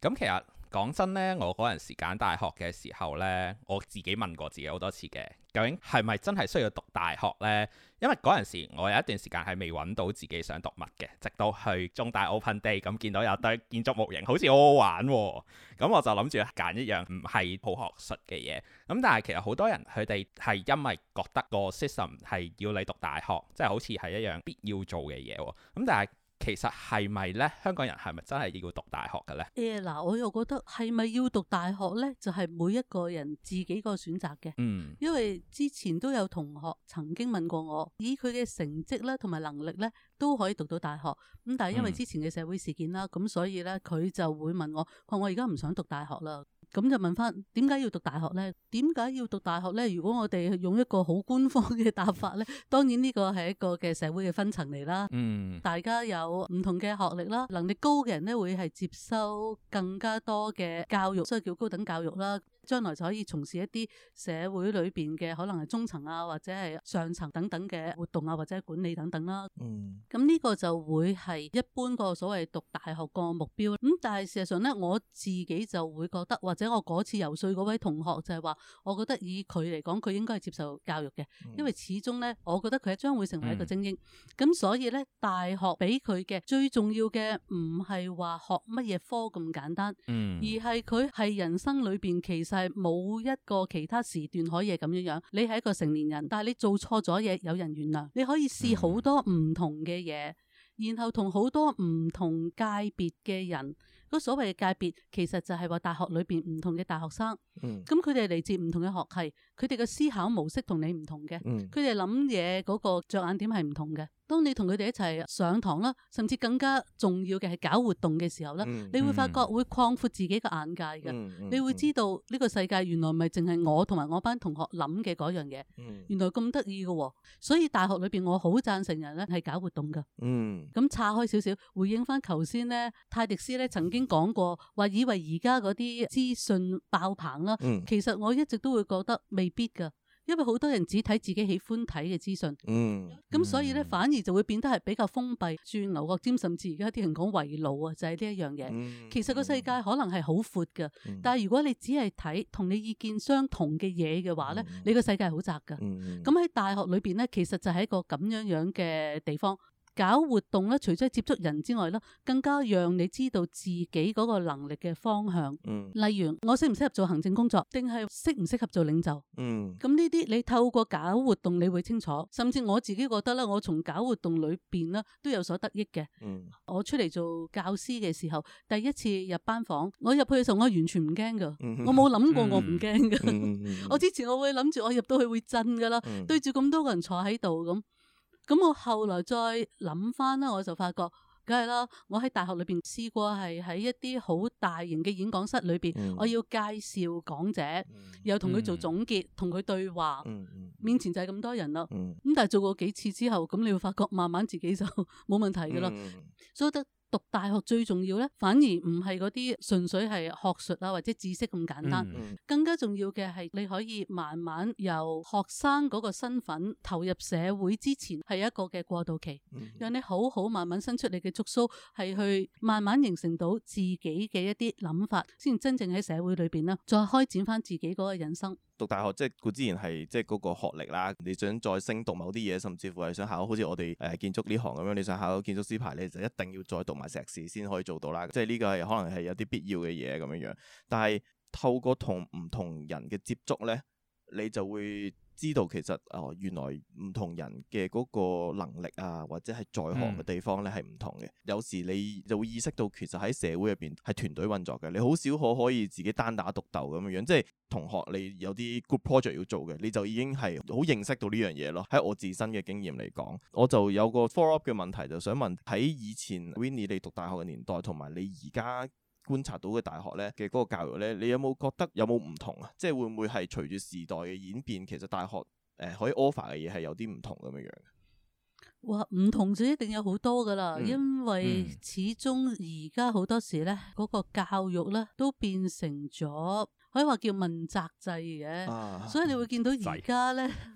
咁其實。講真呢，我嗰陣時揀大學嘅時候呢，我自己問過自己好多次嘅，究竟係咪真係需要讀大學呢？因為嗰陣時我有一段時間係未揾到自己想讀乜嘅，直到去中大 open day，咁見到有堆建築模型，好似好好玩喎、哦，咁、嗯、我就諗住揀一樣唔係好學術嘅嘢。咁、嗯、但係其實好多人佢哋係因為覺得個 system 係要你讀大學，即、就、係、是、好似係一樣必要做嘅嘢喎。咁、嗯、但係其實係咪咧？香港人係咪真係要讀大學嘅咧？誒嗱、欸，我又覺得係咪要讀大學咧？就係、是、每一個人自己個選擇嘅。嗯，因為之前都有同學曾經問過我，以佢嘅成績啦同埋能力咧，都可以讀到大學。咁但係因為之前嘅社會事件啦，咁、嗯、所以咧佢就會問我：我我而家唔想讀大學啦。咁就問翻點解要讀大學咧？點解要讀大學咧？如果我哋用一個好官方嘅答法咧，當然呢個係一個嘅社會嘅分層嚟啦。嗯，大家有唔同嘅學歷啦，能力高嘅人咧會係接收更加多嘅教育，所以叫高等教育啦。將來就可以從事一啲社會裏邊嘅可能係中層啊，或者係上層等等嘅活動啊，或者管理等等啦、啊。嗯，咁呢個就會係一般個所謂讀大學個目標。咁但係事實上呢，我自己就會覺得，或者我嗰次游說嗰位同學就係話，我覺得以佢嚟講，佢應該係接受教育嘅，因為始終呢，我覺得佢將會成為一個精英。咁、嗯、所以呢，大學俾佢嘅最重要嘅唔係話學乜嘢科咁簡單，嗯，而係佢係人生裏邊其實。係冇一個其他時段可以係咁樣樣。你係一個成年人，但係你做錯咗嘢，有人原諒。你可以試好多唔同嘅嘢，嗯、然後同好多唔同界別嘅人。嗰所謂嘅界別，其實就係話大學裏邊唔同嘅大學生。嗯，咁佢哋嚟自唔同嘅學系，佢哋嘅思考模式同你唔同嘅。佢哋諗嘢嗰個着眼點係唔同嘅。當你同佢哋一齊上堂啦，甚至更加重要嘅係搞活動嘅時候咧，嗯嗯、你會發覺會擴闊自己嘅眼界嘅，嗯嗯、你會知道呢個世界原來咪淨係我同埋我班同學諗嘅嗰樣嘢，嗯、原來咁得意嘅，所以大學裏邊我好贊成人咧係搞活動噶，咁岔、嗯、開少少回應翻頭先咧，泰迪斯咧曾經講過，話以為而家嗰啲資訊爆棚啦，嗯、其實我一直都會覺得未必噶。因為好多人只睇自己喜歡睇嘅資訊，咁、嗯、所以咧反而就會變得係比較封閉，鑽、嗯嗯、牛角尖，甚至而家啲人講圍爐啊，就係、是、呢一樣嘢。嗯嗯、其實個世界可能係好闊㗎，但係如果你只係睇同你意見相同嘅嘢嘅話咧，嗯、你個世界係好窄㗎。咁喺大學裏邊咧，其實就係一個咁樣樣嘅地方。搞活動咧，除咗係接觸人之外咧，更加讓你知道自己嗰個能力嘅方向。嗯，例如我適唔適合做行政工作，定係適唔適合做領袖？嗯，咁呢啲你透過搞活動你會清楚。甚至我自己覺得咧，我從搞活動裏邊咧都有所得益嘅。嗯，我出嚟做教師嘅時候，第一次入班房，我入去嘅時候我完全唔驚噶，我冇諗過我唔驚噶。我之前我會諗住我入到去會震噶啦，對住咁多個人坐喺度咁。咁我後來再諗返啦，我就發覺，梗係啦，我喺大學裏邊試過係喺一啲好大型嘅演講室裏邊，嗯、我要介紹講者，又同佢做總結，同佢、嗯、對話，嗯、面前就係咁多人咯。咁、嗯、但係做過幾次之後，咁你會發覺慢慢自己就冇問題㗎喇，所以得。So 讀大學最重要咧，反而唔係嗰啲純粹係學術啊或者知識咁簡單，mm hmm. 更加重要嘅係你可以慢慢由學生嗰個身份投入社會之前，係一個嘅過渡期，mm hmm. 讓你好好慢慢伸出你嘅觸須，係去慢慢形成到自己嘅一啲諗法，先真正喺社會裏邊咧，再開展翻自己嗰個人生。讀大學即係固之然係即係嗰個學歷啦，你想再升讀某啲嘢，甚至乎係想考好似我哋誒、呃、建築呢行咁樣，你想考建築師牌，你就一定要再讀埋碩士先可以做到啦。即係呢個係可能係有啲必要嘅嘢咁樣樣，但係透過同唔同人嘅接觸咧，你就會。知道其實哦，原來唔同人嘅嗰個能力啊，或者係在行嘅地方呢係唔同嘅。嗯、有時你就會意識到，其實喺社會入邊係團隊運作嘅，你好少可可以自己單打獨鬥咁樣樣。即係同學，你有啲 good project 要做嘅，你就已經係好認識到呢樣嘢咯。喺我自身嘅經驗嚟講，我就有個 follow up 嘅問題，就想問喺以前 Winnie 你讀大學嘅年代，同埋你而家，觀察到嘅大學咧嘅嗰個教育咧，你有冇覺得有冇唔同啊？即係會唔會係隨住時代嘅演變，其實大學誒、呃、可以 offer 嘅嘢係有啲唔同咁嘅樣嘅。哇，唔同就一定有好多㗎喇，嗯、因為始終而家好多時咧嗰、嗰個教育咧都變成咗可以話叫問責制嘅，啊、所以你會見到而家咧。啊 <laughs>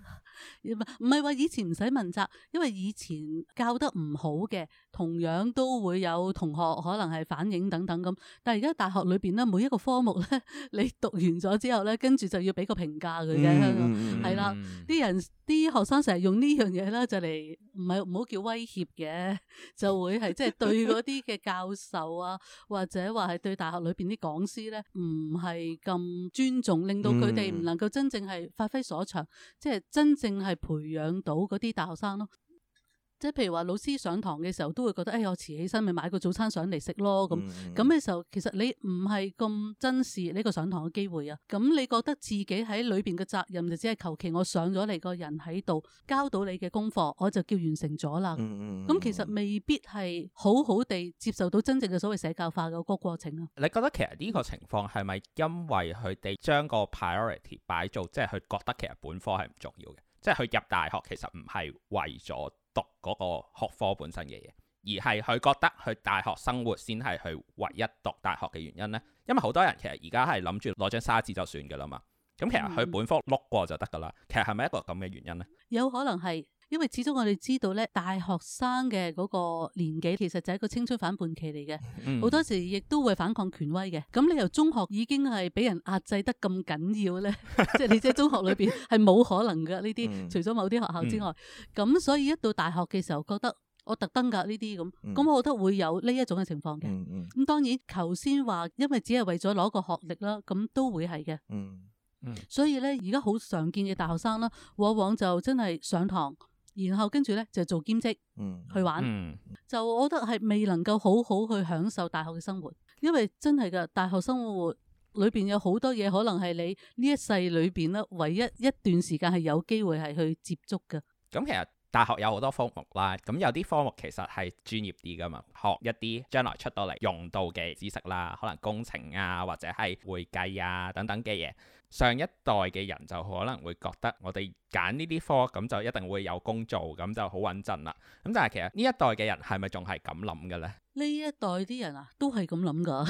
唔係話以前唔使問責，因為以前教得唔好嘅，同樣都會有同學可能係反映等等咁。但係而家大學裏邊咧，每一個科目咧，你讀完咗之後咧，跟住就要俾個評價佢嘅。香港係啦，啲 <laughs> 人啲學生成日用呢樣嘢咧，就嚟唔係唔好叫威脅嘅，就會係即係對嗰啲嘅教授啊， <laughs> 或者話係對大學裏邊啲講師咧，唔係咁尊重，令到佢哋唔能夠真正係發揮所長，嗯、即係真正。係培養到嗰啲大學生咯，即係譬如話老師上堂嘅時候都會覺得，哎，我遲起身咪買個早餐上嚟食咯。咁咁嘅時候，其實你唔係咁珍視呢個上堂嘅機會啊。咁你覺得自己喺裏邊嘅責任就只係求其我上咗嚟個人喺度交到你嘅功課，我就叫完成咗啦。咁、嗯、其實未必係好好地接受到真正嘅所謂社教化嘅個過程啊。你覺得其實呢個情況係咪因為佢哋將個 priority 擺做，即係佢覺得其實本科係唔重要嘅？即係佢入大學其實唔係為咗讀嗰個學科本身嘅嘢，而係佢覺得去大學生活先係佢唯一讀大學嘅原因呢？因為好多人其實而家係諗住攞張沙紙就算㗎喇嘛。咁其實佢本科碌過就得㗎喇。其實係咪一個咁嘅原因呢？有可能係。因為始終我哋知道咧，大學生嘅嗰個年紀其實就係個青春反叛期嚟嘅，好多時亦都會反抗權威嘅。咁你由中學已經係俾人壓制得咁緊要咧， <laughs> 即係你即係中學裏邊係冇可能噶呢啲，除咗某啲學校之外。咁所以一到大學嘅時候，覺得我特登噶呢啲咁，咁我覺得會有呢一種嘅情況嘅。咁當然，頭先話因為只係為咗攞個學歷啦，咁都會係嘅。嗯嗯。所以咧，而家好常見嘅大學生啦，往往就真係上堂。然後跟住呢，就做兼職、嗯、去玩，嗯、就我覺得係未能夠好好去享受大學嘅生活，因為真係噶。大學生活裏邊有好多嘢，可能係你呢一世裏邊咧，唯一一段時間係有機會係去接觸噶。咁其實大學有好多科目啦，咁有啲科目其實係專業啲噶嘛，學一啲將來出到嚟用到嘅知識啦，可能工程啊或者係會計啊等等嘅嘢。上一代嘅人就可能會覺得我，我哋揀呢啲科咁就一定會有工做，咁就好穩陣啦。咁但係其實呢一代嘅人係咪仲係咁諗嘅咧？呢一代啲人啊，都係咁諗噶，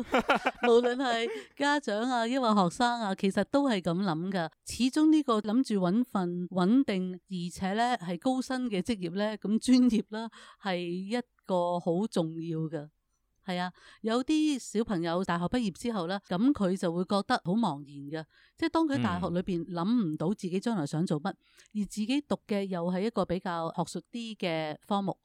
<laughs> 無論係家長啊，抑或學生啊，其實都係咁諗噶。始終呢個諗住揾份穩定而且咧係高薪嘅職業咧，咁專業啦，係一個好重要嘅。係啊，有啲小朋友大學畢業之後咧，咁佢就會覺得好茫然嘅。即係當佢大學裏邊諗唔到自己將來想做乜，而自己讀嘅又係一個比較學術啲嘅科目，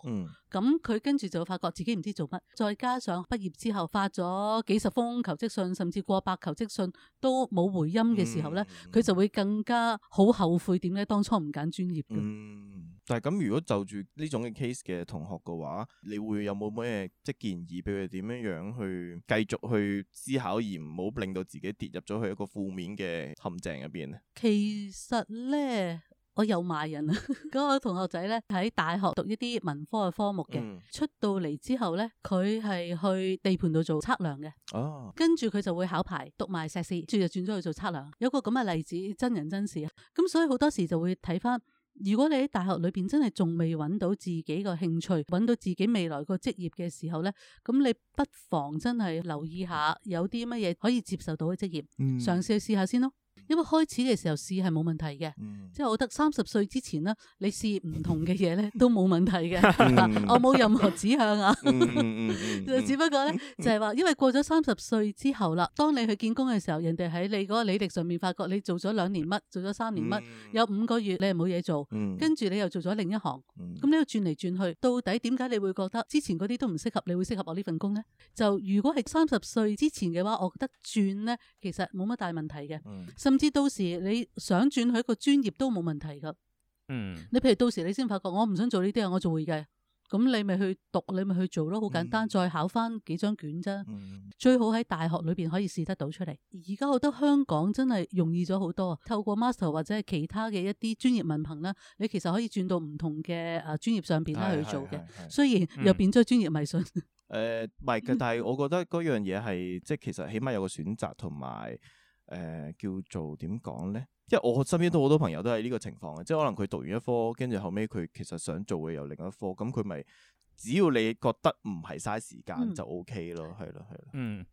咁佢跟住就發覺自己唔知做乜。再加上畢業之後發咗幾十封求職信，甚至過百求職信都冇回音嘅時候咧，佢、嗯嗯、就會更加好後悔，點解當初唔揀專業嘅。嗯嗯但係咁，如果就住呢種嘅 case 嘅同學嘅話，你會有冇咩即係建議俾佢點樣樣去繼續去思考，而唔好令到自己跌入咗去一個負面嘅陷阱入邊咧？其實咧，我有賣人啊，嗰 <laughs> 個同學仔咧喺大學讀一啲文科嘅科目嘅，嗯、出到嚟之後咧，佢係去地盤度做測量嘅。哦、啊，跟住佢就會考牌讀埋碩士，之後就轉咗去做測量。有個咁嘅例子，真人真事啊。咁所以好多時就會睇翻。如果你喺大學裏面真係仲未揾到自己個興趣，揾到自己未來個職業嘅時候呢，咁你不妨真係留意一下有啲乜嘢可以接受到嘅職業，嘗試去試下先咯。因為開始嘅時候試係冇問題嘅，嗯、即係我覺得三十歲之前啦，你試唔同嘅嘢咧都冇問題嘅， <laughs> 我冇任何指向啊。就 <laughs> 只不過咧就係話，因為過咗三十歲之後啦，當你去見工嘅時候，人哋喺你嗰個履歷上面發覺你做咗兩年乜，做咗三年乜，嗯、有五個月你係冇嘢做，跟住、嗯、你又做咗另一行，咁、嗯、你又轉嚟轉去，到底點解你會覺得之前嗰啲都唔適合，你會適合我呢份工咧？就如果係三十歲之前嘅話，我覺得轉咧其實冇乜大問題嘅，嗯甚至到時你想轉去一個專業都冇問題噶。嗯，你譬如到時你先發覺我唔想做呢啲嘢，我做會計，咁你咪去讀，你咪去做咯，好簡單，嗯、再考翻幾張卷啫。嗯、最好喺大學裏邊可以試得到出嚟。而家我覺得香港真係容易咗好多啊！透過 master 或者係其他嘅一啲專業文憑啦，你其實可以轉到唔同嘅誒專業上邊咧去做嘅。嗯、雖然又變咗專業迷信、嗯。誒、 <laughs> 呃，唔係嘅，但係我覺得嗰樣嘢係即係其實起碼有個選擇同埋。誒、呃、叫做點講呢？即係我身邊都好多朋友都係呢個情況嘅，即係可能佢讀完一科，跟住後尾佢其實想做嘅又另一科，咁佢咪只要你覺得唔係嘥時間就 OK 咯，係咯、嗯，係咯。嗯，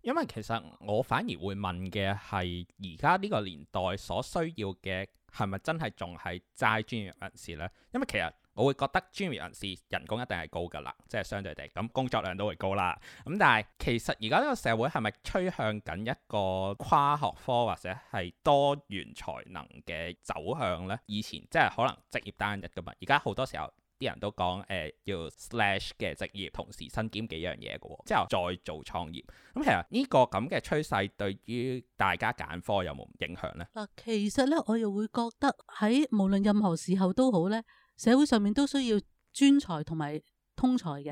因為其實我反而會問嘅係而家呢個年代所需要嘅係咪真係仲係齋專業人士呢？因為其實。我會覺得專業人士人工一定係高噶啦，即係相對地咁工作量都會高啦。咁但係其實而家呢個社會係咪趨向緊一個跨學科或者係多元才能嘅走向呢？以前即係可能職業單一噶嘛，而家好多時候啲人都講誒、呃、要 slash 嘅職業，同時身兼幾樣嘢嘅，之後再做創業。咁其實呢個咁嘅趨勢對於大家揀科有冇影響呢？嗱，其實呢，我又會覺得喺無論任何時候都好呢。社會上面都需要專才同埋，通才嘅，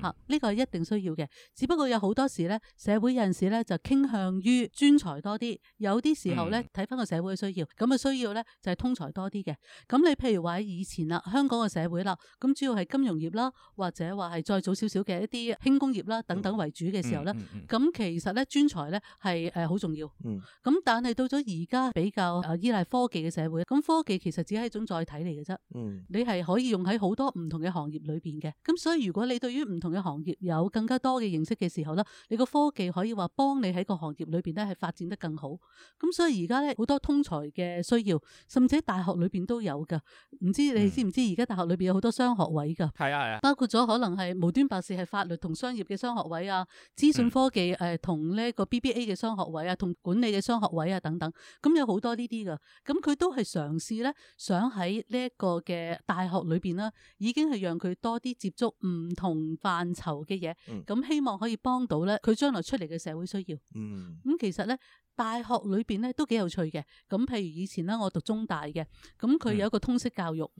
吓、啊、呢、這個係一定需要嘅。只不過有好多時咧，社會人士咧就傾向於專才多啲。有啲時候咧睇翻個社會嘅需要，咁嘅需要咧就係、是、通才多啲嘅。咁你譬如話喺以前啦，香港嘅社會啦，咁主要係金融業啦，或者話係再早少少嘅一啲輕工業啦等等為主嘅時候咧，咁、嗯嗯嗯，其實咧專才咧係誒好重要。咁、嗯、但係到咗而家比較誒依賴科技嘅社會，咁科技其實只係一種載體嚟嘅啫。嗯、你係可以用喺好多唔同嘅行業裏邊嘅。咁所以如果你對於唔同嘅行業有更加多嘅認識嘅時候咧，你個科技可以話幫你喺個行業裏邊咧係發展得更好。咁所以而家咧好多通才嘅需要，甚至大學裏邊都有噶。唔知你知唔知而家大學裏邊有好多雙學位噶？係啊，係啊，包括咗可能係無端白事係法律同商業嘅雙學位啊，資訊科技誒同呢個 BBA 嘅雙學位啊，同管理嘅雙學位啊等等。咁有好多呢啲噶，咁佢都係嘗試咧，想喺呢一個嘅大學裏邊啦，已經係讓佢多啲接觸。唔同範疇嘅嘢，咁、嗯、希望可以幫到咧佢將來出嚟，嘅社會需要。咁、嗯、其實咧大學裏邊咧都幾有趣嘅。咁譬如以前咧我讀中大嘅，咁佢有一個通識教育，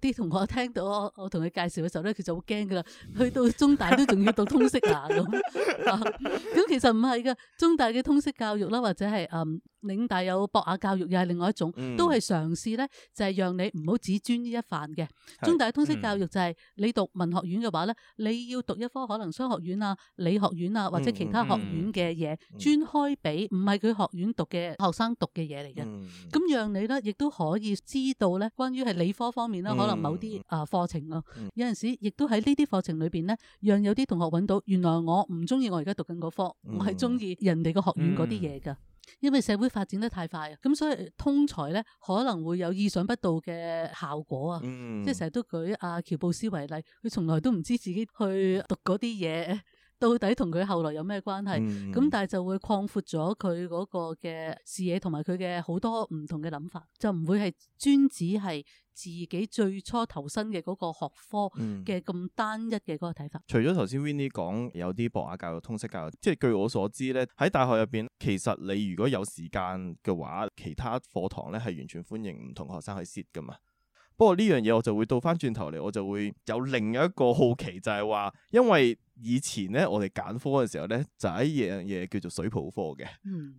啲同學聽到我同佢介紹嘅時候咧，佢就好驚噶啦。去到中大都仲要讀通識啊咁。咁、嗯、 <laughs> <laughs> 其實唔係噶，中大嘅通識教育啦，或者係嗯嶺大有博雅教育，又係另外一種，都係嘗試咧就係讓你唔好只專一範嘅。嗯、中大嘅通識教育就係你讀文。學院嘅話咧，你要讀一科可能商學院啊、理學院啊或者其他學院嘅嘢，嗯嗯、專開俾唔係佢學院讀嘅學生讀嘅嘢嚟嘅，咁、嗯、讓你咧亦都可以知道咧，關於係理科方面啦，可能某啲啊課程咯、啊，嗯、有陣時亦都喺呢啲課程裏邊咧，讓有啲同學揾到，原來我唔中意我而家讀緊嗰科，我係中意人哋個學院嗰啲嘢噶。嗯嗯嗯因為社會發展得太快，咁所以通才咧可能會有意想不到嘅效果，嗯嗯、啊！即係成日都舉阿喬布斯為例，佢從來都唔知自己去讀嗰啲嘢。到底同佢後來有咩關係？咁、嗯、但係就會擴闊咗佢嗰個嘅視野，同埋佢嘅好多唔同嘅諗法，就唔會係專指係自己最初投身嘅嗰個學科嘅咁單一嘅嗰個睇法。嗯、除咗頭先 Winnie 講有啲博雅教育、通識教育，即係據我所知呢喺大學入邊，其實你如果有時間嘅話，其他課堂呢係完全歡迎唔同學生去 sit 噶嘛。不過呢樣嘢我就會倒翻轉頭嚟，我就會有另一個好奇就，就係話因為。以前咧，我哋揀科嘅時候咧，就係一樣嘢叫做水泡科嘅。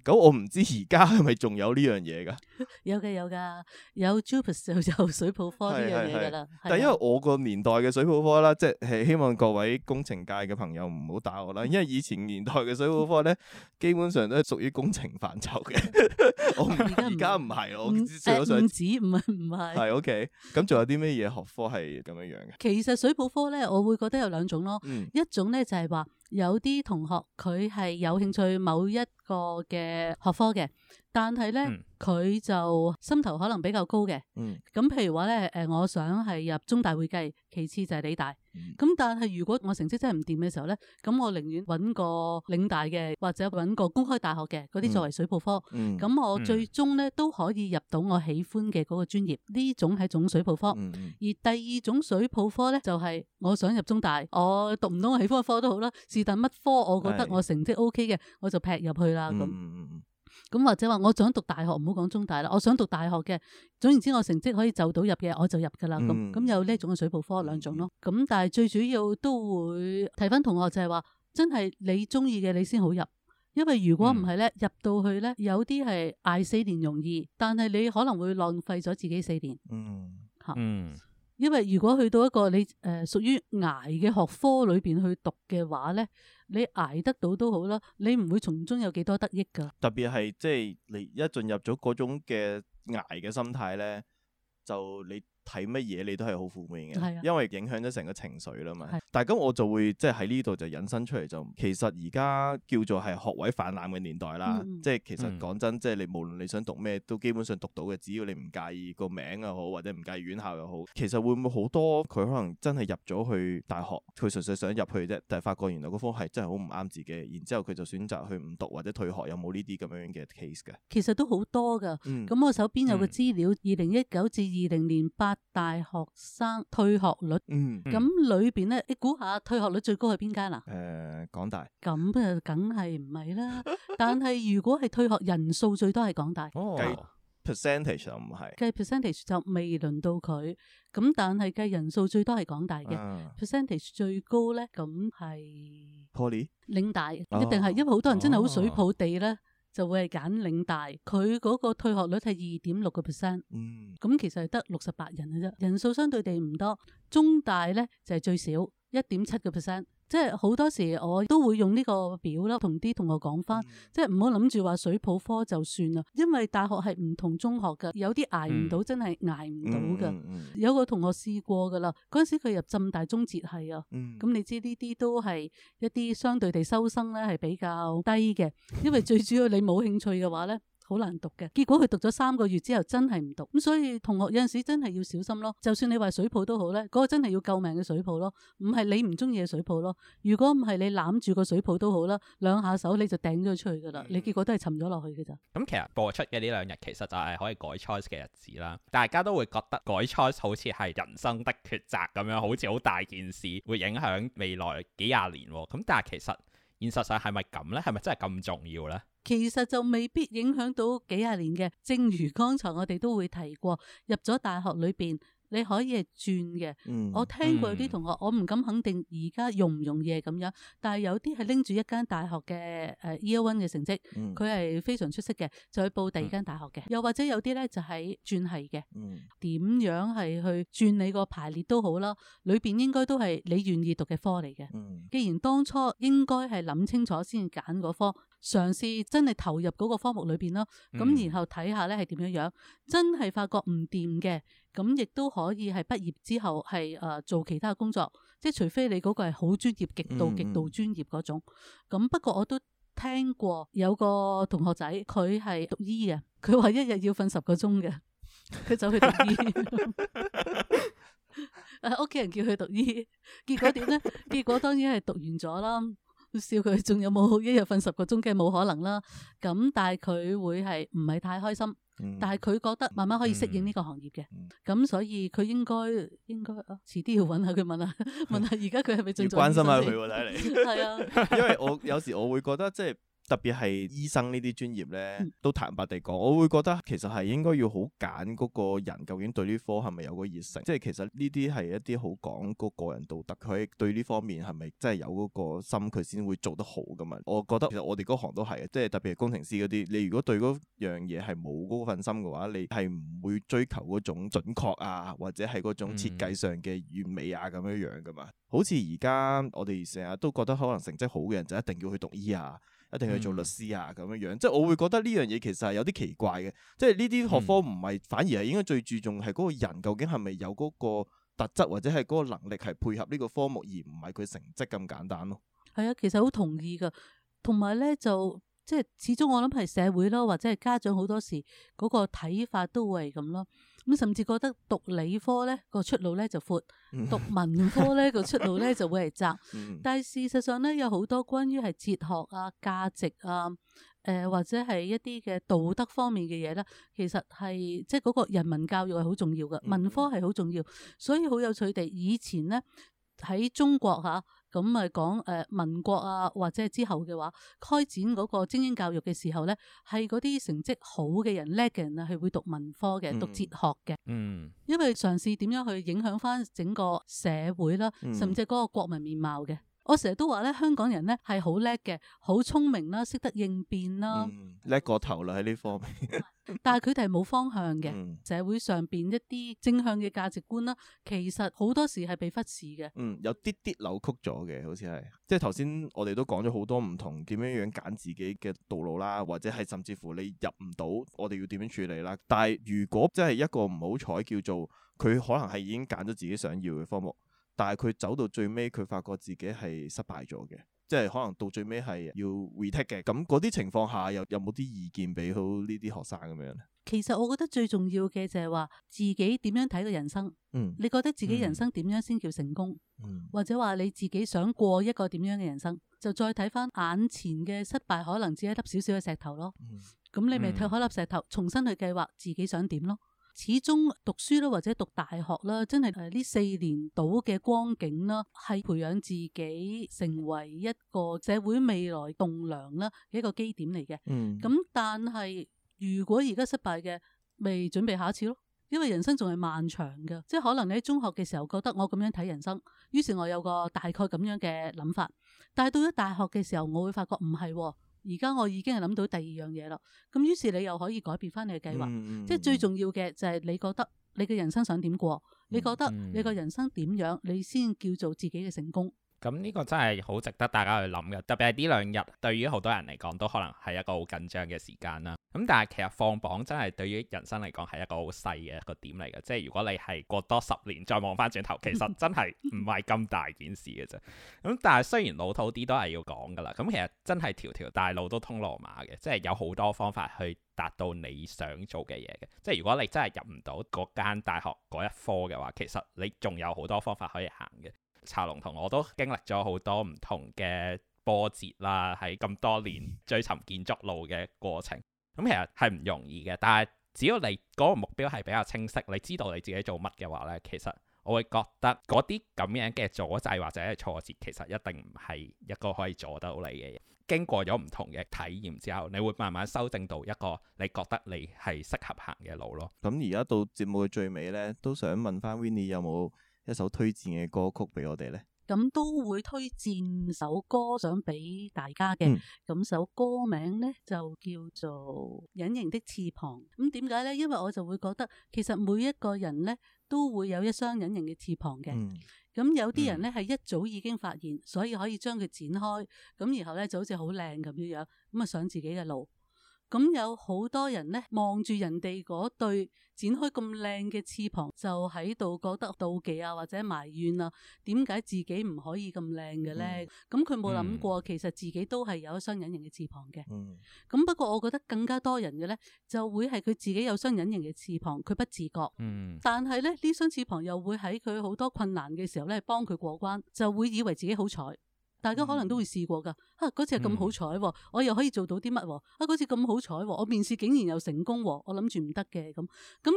咁我唔知而家係咪仲有呢樣嘢噶？有嘅有噶，有 JUPAS 就有水泡科呢樣嘢噶啦。但係因為我個年代嘅水泡科啦，即係希望各位工程界嘅朋友唔好打我啦，因為以前年代嘅水泡科咧，基本上都係屬於工程範疇嘅。我而家唔係我誒唔止唔係唔係。係 OK，咁仲有啲咩嘢學科係咁樣樣嘅？其實水泡科咧，我會覺得有兩種咯，一種。咧就係話有啲同學佢係有興趣某一個嘅學科嘅，但係咧佢就心頭可能比較高嘅。咁，嗯，譬如話咧，誒，我想係入中大會計，其次就係理大。咁、嗯、但係如果我成績真係唔掂嘅時候咧，咁我寧願揾個領大嘅，或者揾個公開大學嘅嗰啲作為水泡科。咁、嗯嗯、我最終咧都可以入到我喜歡嘅嗰個專業。呢種係種水泡科，嗯、而第二種水泡科咧就係、是、我想入中大，我讀唔到我喜歡嘅科都好啦。是但乜科，我覺得我成績 O K 嘅，是我就劈入去啦咁。嗯嗯咁或者話我想讀大學，唔好講中大啦。我想讀大學嘅，總言之我成績可以就到入嘅，我就入㗎啦。咁咁、嗯、有呢種嘅水泡科兩種咯。咁但係最主要都會提翻同學就係話，真係你中意嘅你先好入，因為如果唔係咧，嗯、入到去咧有啲係捱四年容易，但係你可能會浪費咗自己四年。嗯。嚇。嗯。是嗯因為如果去到一個你誒屬於捱嘅學科裏邊去讀嘅話咧，你捱得到都好啦，你唔會從中有幾多得益㗎。特別係即係你一進入咗嗰種嘅捱嘅心態咧，就你。睇乜嘢你都係好負面嘅，因為影響咗成個情緒啦嘛。但係咁我就會即係喺呢度就引申出嚟，就其實而家叫做係學位泛濫嘅年代啦。即係其實講真，即係你無論你想讀咩都基本上讀到嘅，只要你唔介意個名又好，或者唔介意院校又好，其實會唔會好多佢可能真係入咗去大學，佢純粹想入去啫，但係發覺原來嗰科係真係好唔啱自己，然之後佢就選擇去唔讀或者退學，有冇呢啲咁樣嘅 case 嘅？其實都好多噶，咁我手邊有個資料，二零一九至二零年大學生退學率，咁、嗯、裏邊咧，你估下退學率最高係邊間啦？誒、呃，港大。咁啊，梗係唔係啦。 <laughs> 但係如果係退學人數最多係港大。計 percentage 就唔係。計 percentage 就未輪到佢。咁但係計人數最多係港大嘅 percentage、啊、最高咧，咁係 Poly 嶺大一定係，哦哦、因為好多人真係好水泡地咧。就會係揀領大，佢嗰個退學率係二點六個 percent，咁其實係得六十八人嘅啫，人數相對地唔多。中大呢就係最少一點七個 percent。即係好多時，我都會用呢個表啦，同啲同學講返，嗯、即係唔好諗住話水泡科就算啦，因為大學係唔同中學嘅，有啲捱唔到，真係捱唔到嘅。嗯嗯嗯嗯、有個同學試過噶啦，嗰陣時佢入浸大中哲系啊，咁、嗯、你知呢啲都係一啲相對地收生咧係比較低嘅，因為最主要你冇興趣嘅話咧。嗯嗯嗯好難讀嘅，結果佢讀咗三個月之後真係唔讀，咁所以同學有陣時真係要小心咯。就算你話水泡都好咧，嗰、嗰個真係要救命嘅水泡咯，唔係你唔中意嘅水泡咯。如果唔係你攬住個水泡都好啦，兩下手你就掟咗佢出去噶啦，你結果都係沉咗落去嘅咋。咁、嗯、其實播出嘅呢兩日其實就係可以改 choice 嘅日子啦，大家都會覺得改 choice 好似係人生的抉擇咁樣，好似好大件事，會影響未來幾廿年喎。咁但係其實現實上係咪咁呢？係咪真係咁重要呢？其實就未必影響到幾廿年嘅，正如剛才我哋都會提過，入咗大學裏邊，你可以係轉嘅。嗯、我聽過有啲同學，嗯、我唔敢肯定而家容唔容易係咁樣，但係有啲係拎住一間大學嘅誒、呃、year one 嘅成績，佢係、嗯、非常出色嘅，就去報第二間大學嘅。又或者有啲咧就係、係、轉系嘅，點、嗯、樣係去轉你個排列都好啦，裏邊應該都係你願意讀嘅科嚟嘅。既然當初應該係諗清楚先揀嗰科。嘗試真係投入嗰個科目裏邊咯，咁、嗯、然後睇下咧係點樣樣，真係發覺唔掂嘅，咁亦都可以係畢業之後係誒做其他工作，即係除非你嗰個係好專業，極度極度專業嗰種。咁、嗯、不過我都聽過有個同學仔，佢係讀醫嘅，佢話一日要瞓十個鐘嘅，佢走去讀醫，誒屋企人叫佢讀醫，結果點咧？結果當然係讀完咗啦。笑佢仲有冇一日瞓十個鐘嘅？冇可能啦。咁但係佢會係唔係太開心？嗯、但係佢覺得慢慢可以適應呢個行業嘅。咁、嗯嗯、所以佢應該應該啊，遲啲要揾下佢問下問下，而家佢係咪最關心下佢喎，睇嚟係啊，因為我有時我會覺得即係。就是特別係醫生呢啲專業咧，都坦白地講，我會覺得其實係應該要好揀嗰個人究竟對呢科係咪有個熱誠，即係其實呢啲係一啲好講嗰個人道德，佢對呢方面係咪真係有嗰個心，佢先會做得好㗎嘛。我覺得其實我哋嗰行都係即係特別係工程師嗰啲，你如果對嗰樣嘢係冇嗰份心嘅話，你係唔會追求嗰種準確啊，或者係嗰種設計上嘅完美啊咁樣樣㗎嘛。好似而家我哋成日都覺得可能成績好嘅人就一定要去讀醫啊。一定去做律師啊咁樣樣，即係我會覺得呢樣嘢其實係有啲奇怪嘅，即係呢啲學科唔係、嗯、反而係應該最注重係嗰個人究竟係咪有嗰個特質或者係嗰個能力係配合呢個科目，而唔係佢成績咁簡單咯。係啊，其實好同意噶，同埋咧就即係始終我諗係社會咯，或者係家長好多時嗰、嗰個睇法都會係咁咯。咁甚至覺得讀理科咧個出路咧就闊，讀文科咧個出路咧就會係窄。但係事實上咧，有好多關於係哲學啊、價值啊、誒、呃、或者係一啲嘅道德方面嘅嘢咧，其實係即係嗰個人文教育係好重要嘅，文科係好重要，所以好有趣地，以前咧喺中國嚇、啊。咁啊，講民國啊，或者之後嘅話，開展嗰個精英教育嘅時候呢，係嗰啲成績好嘅人，叻嘅人啊，係會讀文科嘅，讀哲學嘅，嗯，因為嘗試點樣去影響翻整個社會啦，甚至嗰個國民面貌嘅。我成日都話咧，香港人咧係好叻嘅，好聰明啦，識得應變啦，叻過頭啦喺呢方面。 <laughs> 但係佢哋係冇方向嘅，嗯、社會上邊一啲正向嘅價值觀啦，其實好多時係被忽視嘅。嗯，有啲啲扭曲咗嘅，好似係。即係頭先我哋都講咗好多唔同點樣樣揀自己嘅道路啦，或者係甚至乎你入唔到，我哋要點樣處理啦？但係如果真係一個唔好彩叫做佢，可能係已經揀咗自己想要嘅科目。但係佢走到最尾，佢發覺自己係失敗咗嘅，即係可能到最尾係要 retake 嘅。咁嗰啲情況下，又有冇啲意見俾好呢啲學生咁樣咧？其實我覺得最重要嘅就係話自己點樣睇個人生，嗯，你覺得自己人生點樣先叫成功，嗯、或者話你自己想過一個點樣嘅人生，就再睇翻眼前嘅失敗，可能只係粒小小嘅石頭咯。咁、嗯嗯、你咪踢開粒石頭，重新去計劃自己想點咯。始終讀書啦，或者讀大學啦，真係誒呢四年度嘅光景啦，係培養自己成為一個社會未來棟樑啦嘅一個基點嚟嘅。嗯，咁但係如果而家失敗嘅，未準備下一次咯，因為人生仲係漫長嘅，即係可能你喺中學嘅時候覺得我咁樣睇人生，於是我有個大概咁樣嘅諗法，但係到咗大學嘅時候，我會發覺唔係喎。而家我已經係諗到第二樣嘢啦，咁於是你又可以改變翻你嘅計劃，嗯嗯嗯，即最重要嘅就係你覺得你嘅人生想點過，嗯嗯嗯，你覺得你個人生點樣，你先叫做自己嘅成功。咁呢個真係好值得大家去諗嘅，特別係呢兩日，對於好多人嚟講都可能係一個好緊張嘅時間啦。咁、嗯、但係其實放榜真係對於人生嚟講係一個好細嘅一個點嚟嘅，即係如果你係過多十年再望翻轉頭，其實真係唔係咁大件事嘅啫。咁、嗯、但係雖然老土啲都係要講噶啦，咁、嗯、其實真係條條大路都通羅馬嘅，即係有好多方法去達到你想做嘅嘢嘅。即係如果你真係入唔到嗰間大學嗰一科嘅話，其實你仲有好多方法可以行嘅。茶龍同我都經歷咗好多唔同嘅波折啦，喺咁多年追尋建築路嘅過程，咁、嗯、其實係唔容易嘅。但係只要你嗰個目標係比較清晰，你知道你自己做乜嘅話呢，其實我會覺得嗰啲咁樣嘅阻滯或者係挫折，其實一定唔係一個可以阻得到你嘅嘢。經過咗唔同嘅體驗之後，你會慢慢修正到一個你覺得你係適合行嘅路咯。咁而家到節目嘅最尾呢，都想問翻 Winnie 有冇？一首推薦嘅歌曲俾我哋咧，咁都會推薦首歌想俾大家嘅，咁、嗯、首歌名咧就叫做《隱形的翅膀》。咁點解咧？因為我就會覺得其實每一個人咧都會有一雙隱形嘅翅膀嘅。咁、嗯、有啲人咧係、嗯、一早已經發現，所以可以將佢剪開，咁然後咧就好似好靚咁樣樣，咁啊上自己嘅路。咁有好多人咧望住人哋嗰對展開咁靚嘅翅膀，就喺度覺得妒忌啊，或者埋怨啊，點解自己唔可以咁靚嘅咧？咁佢冇諗過，其實自己都係有一雙隱形嘅翅膀嘅。咁、嗯、不過我覺得更加多人嘅咧，就會係佢自己有雙隱形嘅翅膀，佢不自覺。嗯。但係咧呢雙翅膀又會喺佢好多困難嘅時候咧幫佢過關，就會以為自己好彩。大家可能都會試過㗎，啊嗰次咁好彩，嗯、我又可以做到啲乜？啊嗰次咁好彩，我面試竟然又成功，我諗住唔得嘅咁。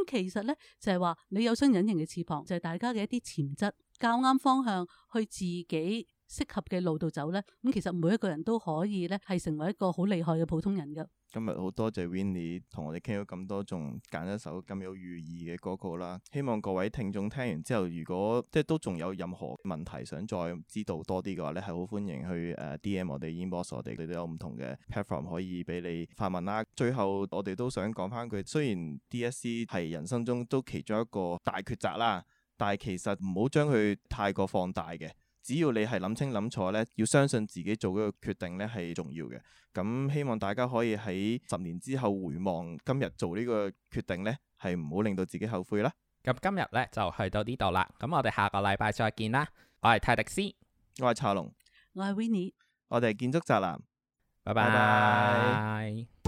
其實呢，就係話，你有雙隱形嘅翅膀，就係、是、大家嘅一啲潛質，搵啱方向去自己適合嘅路度走呢，咁其實每一個人都可以呢，係成為一個好厲害嘅普通人噶。今日好多謝 Winnie 同我哋傾咗咁多，仲揀一首咁有寓意嘅歌曲啦。希望各位聽眾聽完之後，如果即係都仲有任何問題想再知道多啲嘅話呢，係好歡迎去誒 DM 我哋 inbox、嗯、我哋，佢哋都有唔同嘅 platform 可以俾你發問啦。最後我哋都想講翻句，雖然 DSE 係人生中都其中一個大抉擇啦，但係其實唔好將佢太過放大嘅。只要你係諗清諗楚，咧，要相信自己做嗰個決定咧係重要嘅。咁希望大家可以喺十年之後回望今日做呢個決定咧，係唔好令到自己後悔啦。咁今日咧就去到呢度啦。咁我哋下個禮拜再見啦。我係泰迪斯，我係查龍，我係 Winnie 我哋係建築宅男，拜拜 bye。Bye bye